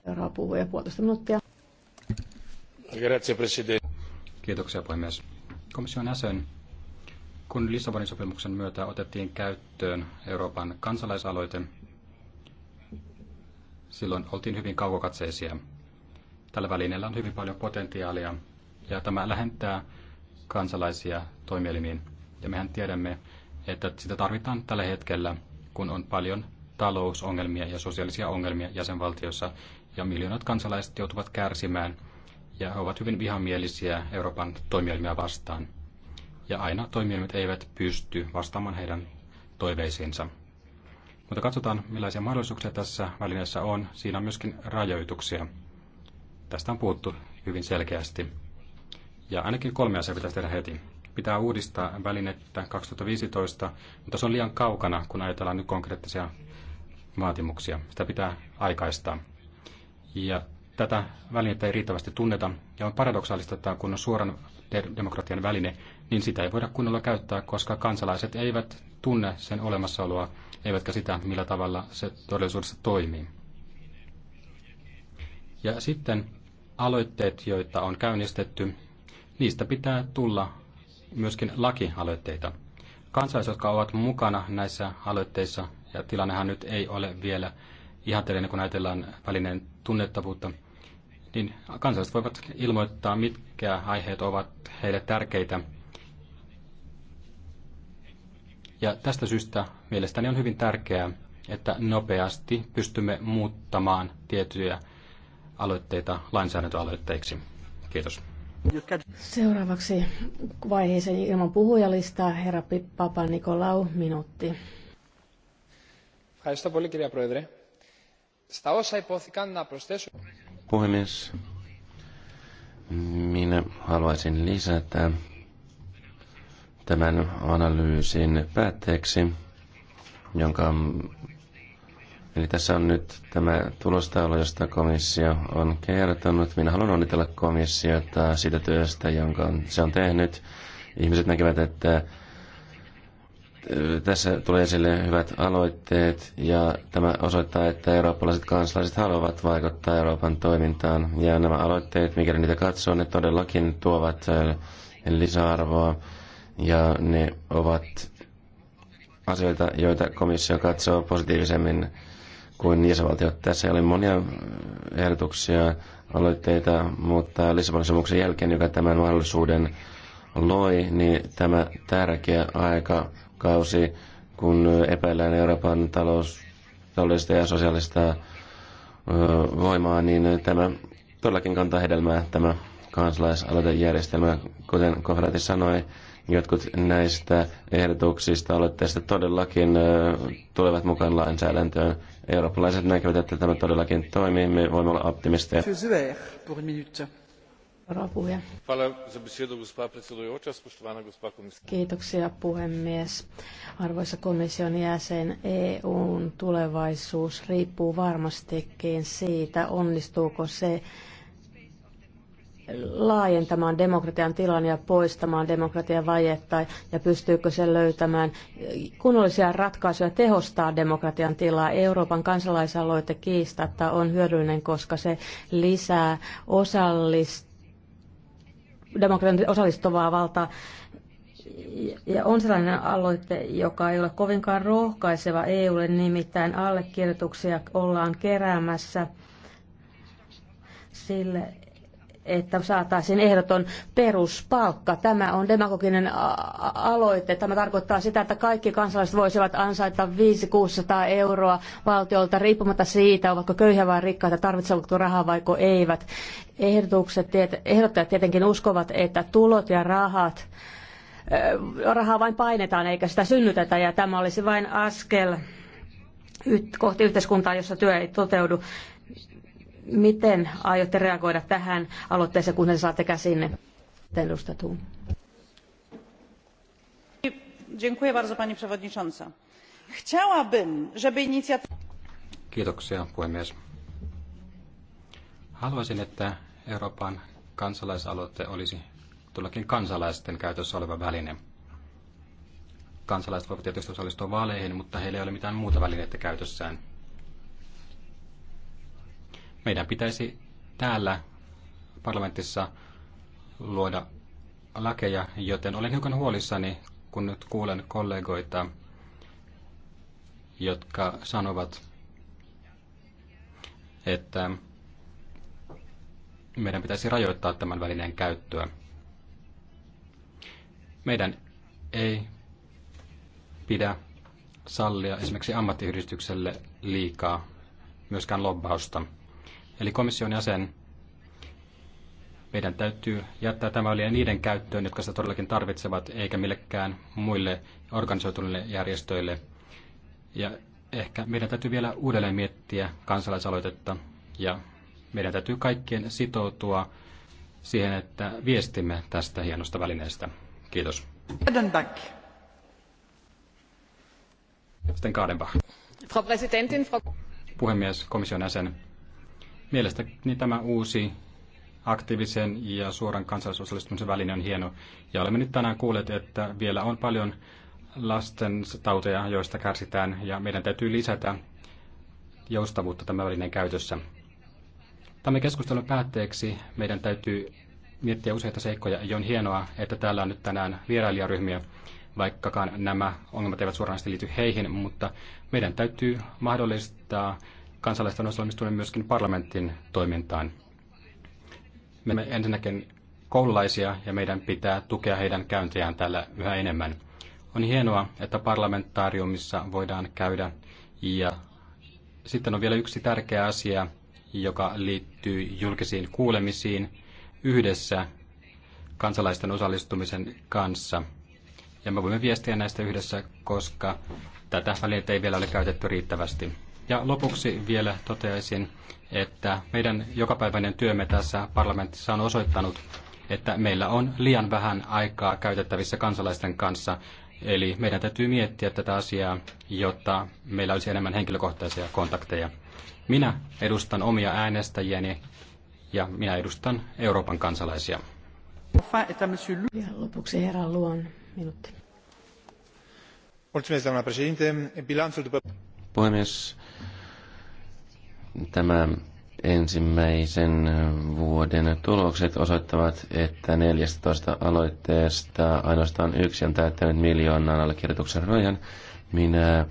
Seuraava puhuja puolitoista minuuttia. Kiitoksia puhemies. Komission jäsen, kun Lissabonin sopimuksen myötä otettiin käyttöön Euroopan kansalaisaloite, Silloin oltiin hyvin kaukokatseisia. Tällä välineellä on hyvin paljon potentiaalia ja tämä lähentää kansalaisia toimielimiin. Ja mehän tiedämme, että sitä tarvitaan tällä hetkellä, kun on paljon talousongelmia ja sosiaalisia ongelmia jäsenvaltiossa ja miljoonat kansalaiset joutuvat kärsimään ja he ovat hyvin vihamielisiä Euroopan toimielimiä vastaan. Ja aina toimielimet eivät pysty vastaamaan heidän toiveisiinsa. Mutta katsotaan, millaisia mahdollisuuksia tässä välineessä on. Siinä on myöskin rajoituksia. Tästä on puhuttu hyvin selkeästi. Ja ainakin kolme asiaa pitäisi tehdä heti. Pitää uudistaa välinettä 2015, mutta se on liian kaukana, kun ajatellaan nyt konkreettisia vaatimuksia. Sitä pitää aikaistaa. Ja tätä välinettä ei riittävästi tunneta, ja on paradoksaalista, että kun on suoran demokratian väline, niin sitä ei voida kunnolla käyttää, koska kansalaiset eivät tunne sen olemassaoloa eivätkä sitä, millä tavalla se todellisuudessa toimii. Ja sitten aloitteet, joita on käynnistetty, niistä pitää tulla myöskin lakialoitteita. Kansalaiset, jotka ovat mukana näissä aloitteissa, ja tilannehan nyt ei ole vielä ihanteellinen, kun ajatellaan välineen tunnettavuutta, niin kansalaiset voivat ilmoittaa, mitkä aiheet ovat heille tärkeitä ja tästä syystä mielestäni on hyvin tärkeää, että nopeasti pystymme muuttamaan tiettyjä aloitteita lainsäädäntöaloitteiksi. Kiitos. Seuraavaksi vaiheeseen ilman puhujalistaa herra Papa Nikolau, minuutti. Puhemies, minä haluaisin lisätä tämän analyysin päätteeksi, jonka Eli tässä on nyt tämä tulostaulu, josta komissio on kertonut. Minä haluan onnitella komissiota siitä työstä, jonka se on tehnyt. Ihmiset näkevät, että tässä tulee esille hyvät aloitteet ja tämä osoittaa, että eurooppalaiset kansalaiset haluavat vaikuttaa Euroopan toimintaan. Ja nämä aloitteet, mikäli niitä katsoo, ne todellakin tuovat lisäarvoa ja ne ovat asioita, joita komissio katsoo positiivisemmin kuin jäsenvaltiot. Tässä ei ole monia äh, ehdotuksia, aloitteita, mutta Lissabonin sopimuksen jälkeen, joka tämän mahdollisuuden loi, niin tämä tärkeä aikakausi, kun epäillään Euroopan talous, taloudellista ja sosiaalista äh, voimaa, niin tämä todellakin kantaa hedelmää, tämä kansalaisaloitejärjestelmä, kuten Kofrati sanoi, Jotkut näistä ehdotuksista aloitteista todellakin tulevat mukaan lainsäädäntöön. Eurooppalaiset näkevät, että tämä todellakin toimii. Me voimme olla optimisteja. Kiitoksia puhemies. Arvoisa komission jäsen, EUn tulevaisuus riippuu varmastikin siitä, onnistuuko se laajentamaan demokratian tilan ja poistamaan demokratian vajetta ja pystyykö se löytämään kunnollisia ratkaisuja tehostaa demokratian tilaa. Euroopan kansalaisaloite kiistatta on hyödyllinen, koska se lisää osallist- demokratian osallistuvaa valtaa ja on sellainen aloite, joka ei ole kovinkaan rohkaiseva EUlle, nimittäin allekirjoituksia ollaan keräämässä sille, että saataisiin ehdoton peruspalkka. Tämä on demagoginen aloite. Tämä tarkoittaa sitä, että kaikki kansalaiset voisivat ansaita 5-600 euroa valtiolta riippumatta siitä, ovatko köyhiä vai rikkaita, tarvitsevatko rahaa vai eivät. Ehdotukset, ehdottajat tietenkin uskovat, että tulot ja rahat rahaa vain painetaan eikä sitä synnytetä ja tämä olisi vain askel kohti yhteiskuntaa, jossa työ ei toteudu. Miten aiotte reagoida tähän aloitteeseen, kun sen saatte käsinne? Edustaja Tuun. Dziękuję bardzo pani przewodnicząca. Chciałabym, żeby inicjatywa... Kiitoksia puhemies. Haluaisin, että Euroopan kansalaisaloite olisi todellakin kansalaisten käytössä oleva väline. Kansalaiset voivat tietysti osallistua vaaleihin, mutta heillä ei ole mitään muuta välinettä käytössään. Meidän pitäisi täällä parlamentissa luoda lakeja, joten olen hiukan huolissani, kun nyt kuulen kollegoita, jotka sanovat, että meidän pitäisi rajoittaa tämän välineen käyttöä. Meidän ei pidä sallia esimerkiksi ammattiyhdistykselle liikaa myöskään lobbausta. Eli komission jäsen, meidän täytyy jättää tämä oli niiden käyttöön, jotka sitä todellakin tarvitsevat, eikä millekään muille organisoituneille järjestöille. Ja ehkä meidän täytyy vielä uudelleen miettiä kansalaisaloitetta ja meidän täytyy kaikkien sitoutua siihen, että viestimme tästä hienosta välineestä. Kiitos. Sitten Kadenbach. Frau Präsidentin, Frau... Puhemies, komission jäsen. Mielestäni tämä uusi aktiivisen ja suoran kansalaisosallistumisen väline on hieno. Ja olemme nyt tänään kuulleet, että vielä on paljon lasten tauteja, joista kärsitään, ja meidän täytyy lisätä joustavuutta tämän välineen käytössä. Tämän keskustelun päätteeksi meidän täytyy miettiä useita seikkoja, ja on hienoa, että täällä on nyt tänään vierailijaryhmiä, vaikkakaan nämä ongelmat eivät suoranaisesti liity heihin, mutta meidän täytyy mahdollistaa kansalaisten osallistuminen myöskin parlamentin toimintaan. Me olemme ensinnäkin koululaisia ja meidän pitää tukea heidän käyntiään täällä yhä enemmän. On hienoa, että parlamentaariumissa voidaan käydä ja sitten on vielä yksi tärkeä asia, joka liittyy julkisiin kuulemisiin yhdessä kansalaisten osallistumisen kanssa. Ja me voimme viestiä näistä yhdessä, koska tätä välineitä ei vielä ole käytetty riittävästi. Ja lopuksi vielä toteaisin, että meidän jokapäiväinen työmme tässä parlamentissa on osoittanut, että meillä on liian vähän aikaa käytettävissä kansalaisten kanssa. Eli meidän täytyy miettiä tätä asiaa, jotta meillä olisi enemmän henkilökohtaisia kontakteja. Minä edustan omia äänestäjiäni ja minä edustan Euroopan kansalaisia. Ja lopuksi herra Luon minuutti. Mulțumesc, doamna președinte. Bilanțul după puhemies. Tämä ensimmäisen vuoden tulokset osoittavat, että 14 aloitteesta ainoastaan yksi on täyttänyt miljoonan allekirjoituksen rajan. Minä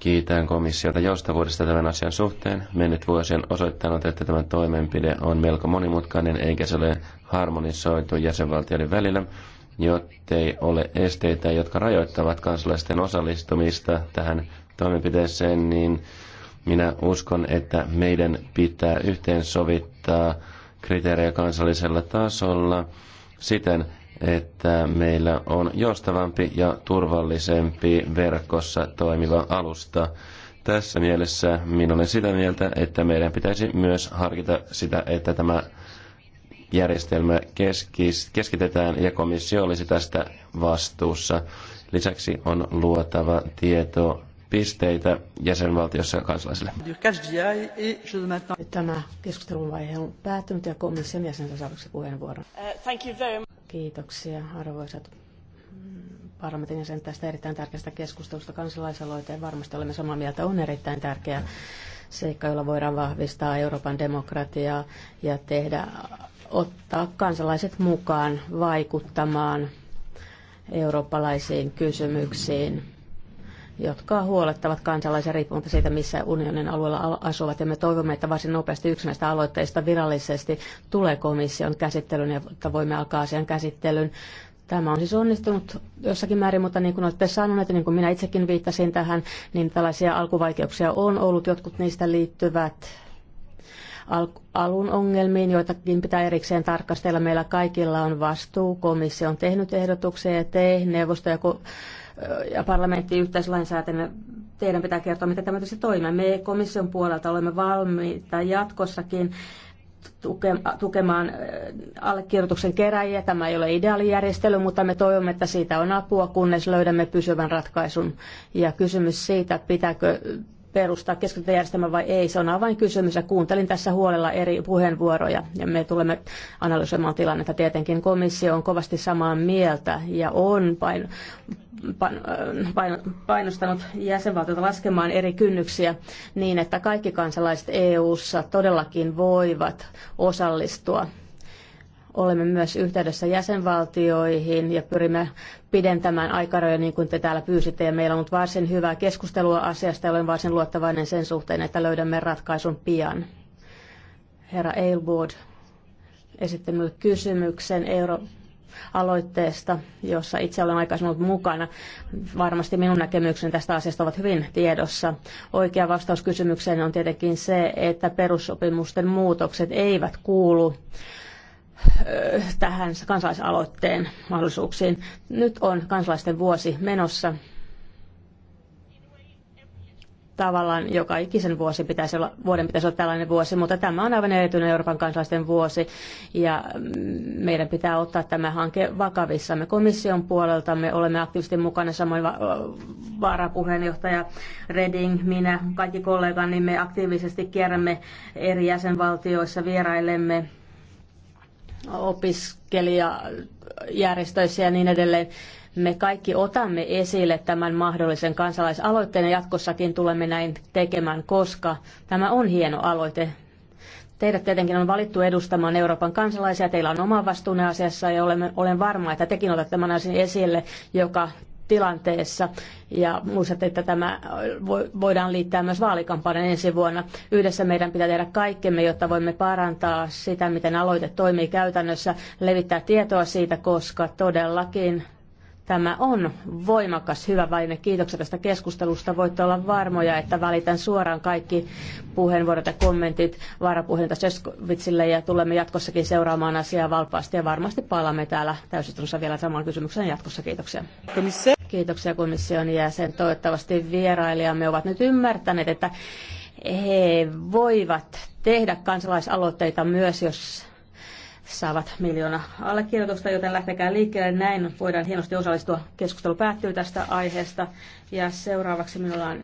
kiitän komissiota joustavuudesta tämän asian suhteen. Mennyt vuosi on osoittanut, että tämä toimenpide on melko monimutkainen eikä se ole harmonisoitu jäsenvaltioiden välillä, jottei ole esteitä, jotka rajoittavat kansalaisten osallistumista tähän toimenpiteeseen, niin minä uskon, että meidän pitää yhteensovittaa kriteerejä kansallisella tasolla siten, että meillä on joustavampi ja turvallisempi verkossa toimiva alusta. Tässä mielessä minä olen sitä mieltä, että meidän pitäisi myös harkita sitä, että tämä järjestelmä keskis, keskitetään ja komissio olisi tästä vastuussa. Lisäksi on luotava tieto pisteitä jäsenvaltiossa ja kansalaisille. Tämä keskustelun vaihe on päättynyt ja komission jäsen saavaksi puheenvuoron. Uh, Kiitoksia arvoisat mm, parlamentin jäsen tästä erittäin tärkeästä keskustelusta. kansalaisaloiteen. varmasti olemme samaa mieltä on erittäin tärkeä seikka, jolla voidaan vahvistaa Euroopan demokratiaa ja tehdä, ottaa kansalaiset mukaan vaikuttamaan eurooppalaisiin kysymyksiin jotka huolettavat kansalaisia riippumatta siitä, missä unionin alueella asuvat. Ja me toivomme, että varsin nopeasti yksi näistä aloitteista virallisesti tulee komission käsittelyyn, että voimme alkaa asian käsittelyn. Tämä on siis onnistunut jossakin määrin, mutta niin kuin olette sanoneet, niin kuin minä itsekin viittasin tähän, niin tällaisia alkuvaikeuksia on ollut. Jotkut niistä liittyvät alun ongelmiin, joitakin pitää erikseen tarkastella. Meillä kaikilla on vastuu. Komissio on tehnyt ehdotuksia ja te, neuvosto ja ko- ja parlamentti yhteislainsäätäjänä teidän pitää kertoa, miten tämä tietysti toimii. Me komission puolelta olemme valmiita jatkossakin tukemaan äh, allekirjoituksen keräjiä. Tämä ei ole ideaalijärjestely, mutta me toivomme, että siitä on apua, kunnes löydämme pysyvän ratkaisun. Ja kysymys siitä, pitääkö perustaa keskityntäjärjestelmä vai ei, se on avainkysymys ja kuuntelin tässä huolella eri puheenvuoroja ja me tulemme analysoimaan tilannetta. Tietenkin komissio on kovasti samaa mieltä ja on pain, pain, pain, painostanut jäsenvaltiota laskemaan eri kynnyksiä niin, että kaikki kansalaiset EU-ssa todellakin voivat osallistua Olemme myös yhteydessä jäsenvaltioihin ja pyrimme pidentämään aikarajoja niin kuin te täällä pyysitte. Ja meillä on ollut varsin hyvää keskustelua asiasta ja olen varsin luottavainen sen suhteen, että löydämme ratkaisun pian. Herra Aylward esitti minulle kysymyksen euro aloitteesta, jossa itse olen aikaisemmin ollut mukana. Varmasti minun näkemykseni tästä asiasta ovat hyvin tiedossa. Oikea vastaus kysymykseen on tietenkin se, että perussopimusten muutokset eivät kuulu tähän kansalaisaloitteen mahdollisuuksiin. Nyt on kansalaisten vuosi menossa. Tavallaan joka ikisen vuosi pitäisi olla, vuoden pitäisi olla tällainen vuosi, mutta tämä on aivan erityinen Euroopan kansalaisten vuosi ja mm, meidän pitää ottaa tämä hanke vakavissamme. Komission puolelta me olemme aktiivisesti mukana, samoin va- varapuheenjohtaja Reding, minä, kaikki kollegani, me aktiivisesti kierrämme eri jäsenvaltioissa, vierailemme opiskelijajärjestöissä ja niin edelleen. Me kaikki otamme esille tämän mahdollisen kansalaisaloitteen ja jatkossakin tulemme näin tekemään, koska tämä on hieno aloite. Teidät tietenkin on valittu edustamaan Euroopan kansalaisia, teillä on oma vastuunne asiassa ja olen varma, että tekin otatte tämän asian esille, joka tilanteessa. Ja muistatte, että tämä voidaan liittää myös vaalikampanjan ensi vuonna. Yhdessä meidän pitää tehdä kaikkemme, jotta voimme parantaa sitä, miten aloite toimii käytännössä, levittää tietoa siitä, koska todellakin Tämä on voimakas, hyvä väline. Kiitoksia tästä keskustelusta. Voitte olla varmoja, että välitän suoraan kaikki puheenvuorot ja kommentit varapuheenjohtaja Seskovitsille ja tulemme jatkossakin seuraamaan asiaa valpaasti ja varmasti palaamme täällä täysistunnossa vielä samaan kysymykseen jatkossa. Kiitoksia. Komissio. Kiitoksia komission jäsen. Toivottavasti vierailijamme ovat nyt ymmärtäneet, että he voivat tehdä kansalaisaloitteita myös, jos saavat miljoona allekirjoitusta, joten lähtekää liikkeelle. Näin voidaan hienosti osallistua. Keskustelu päättyy tästä aiheesta ja seuraavaksi minulla on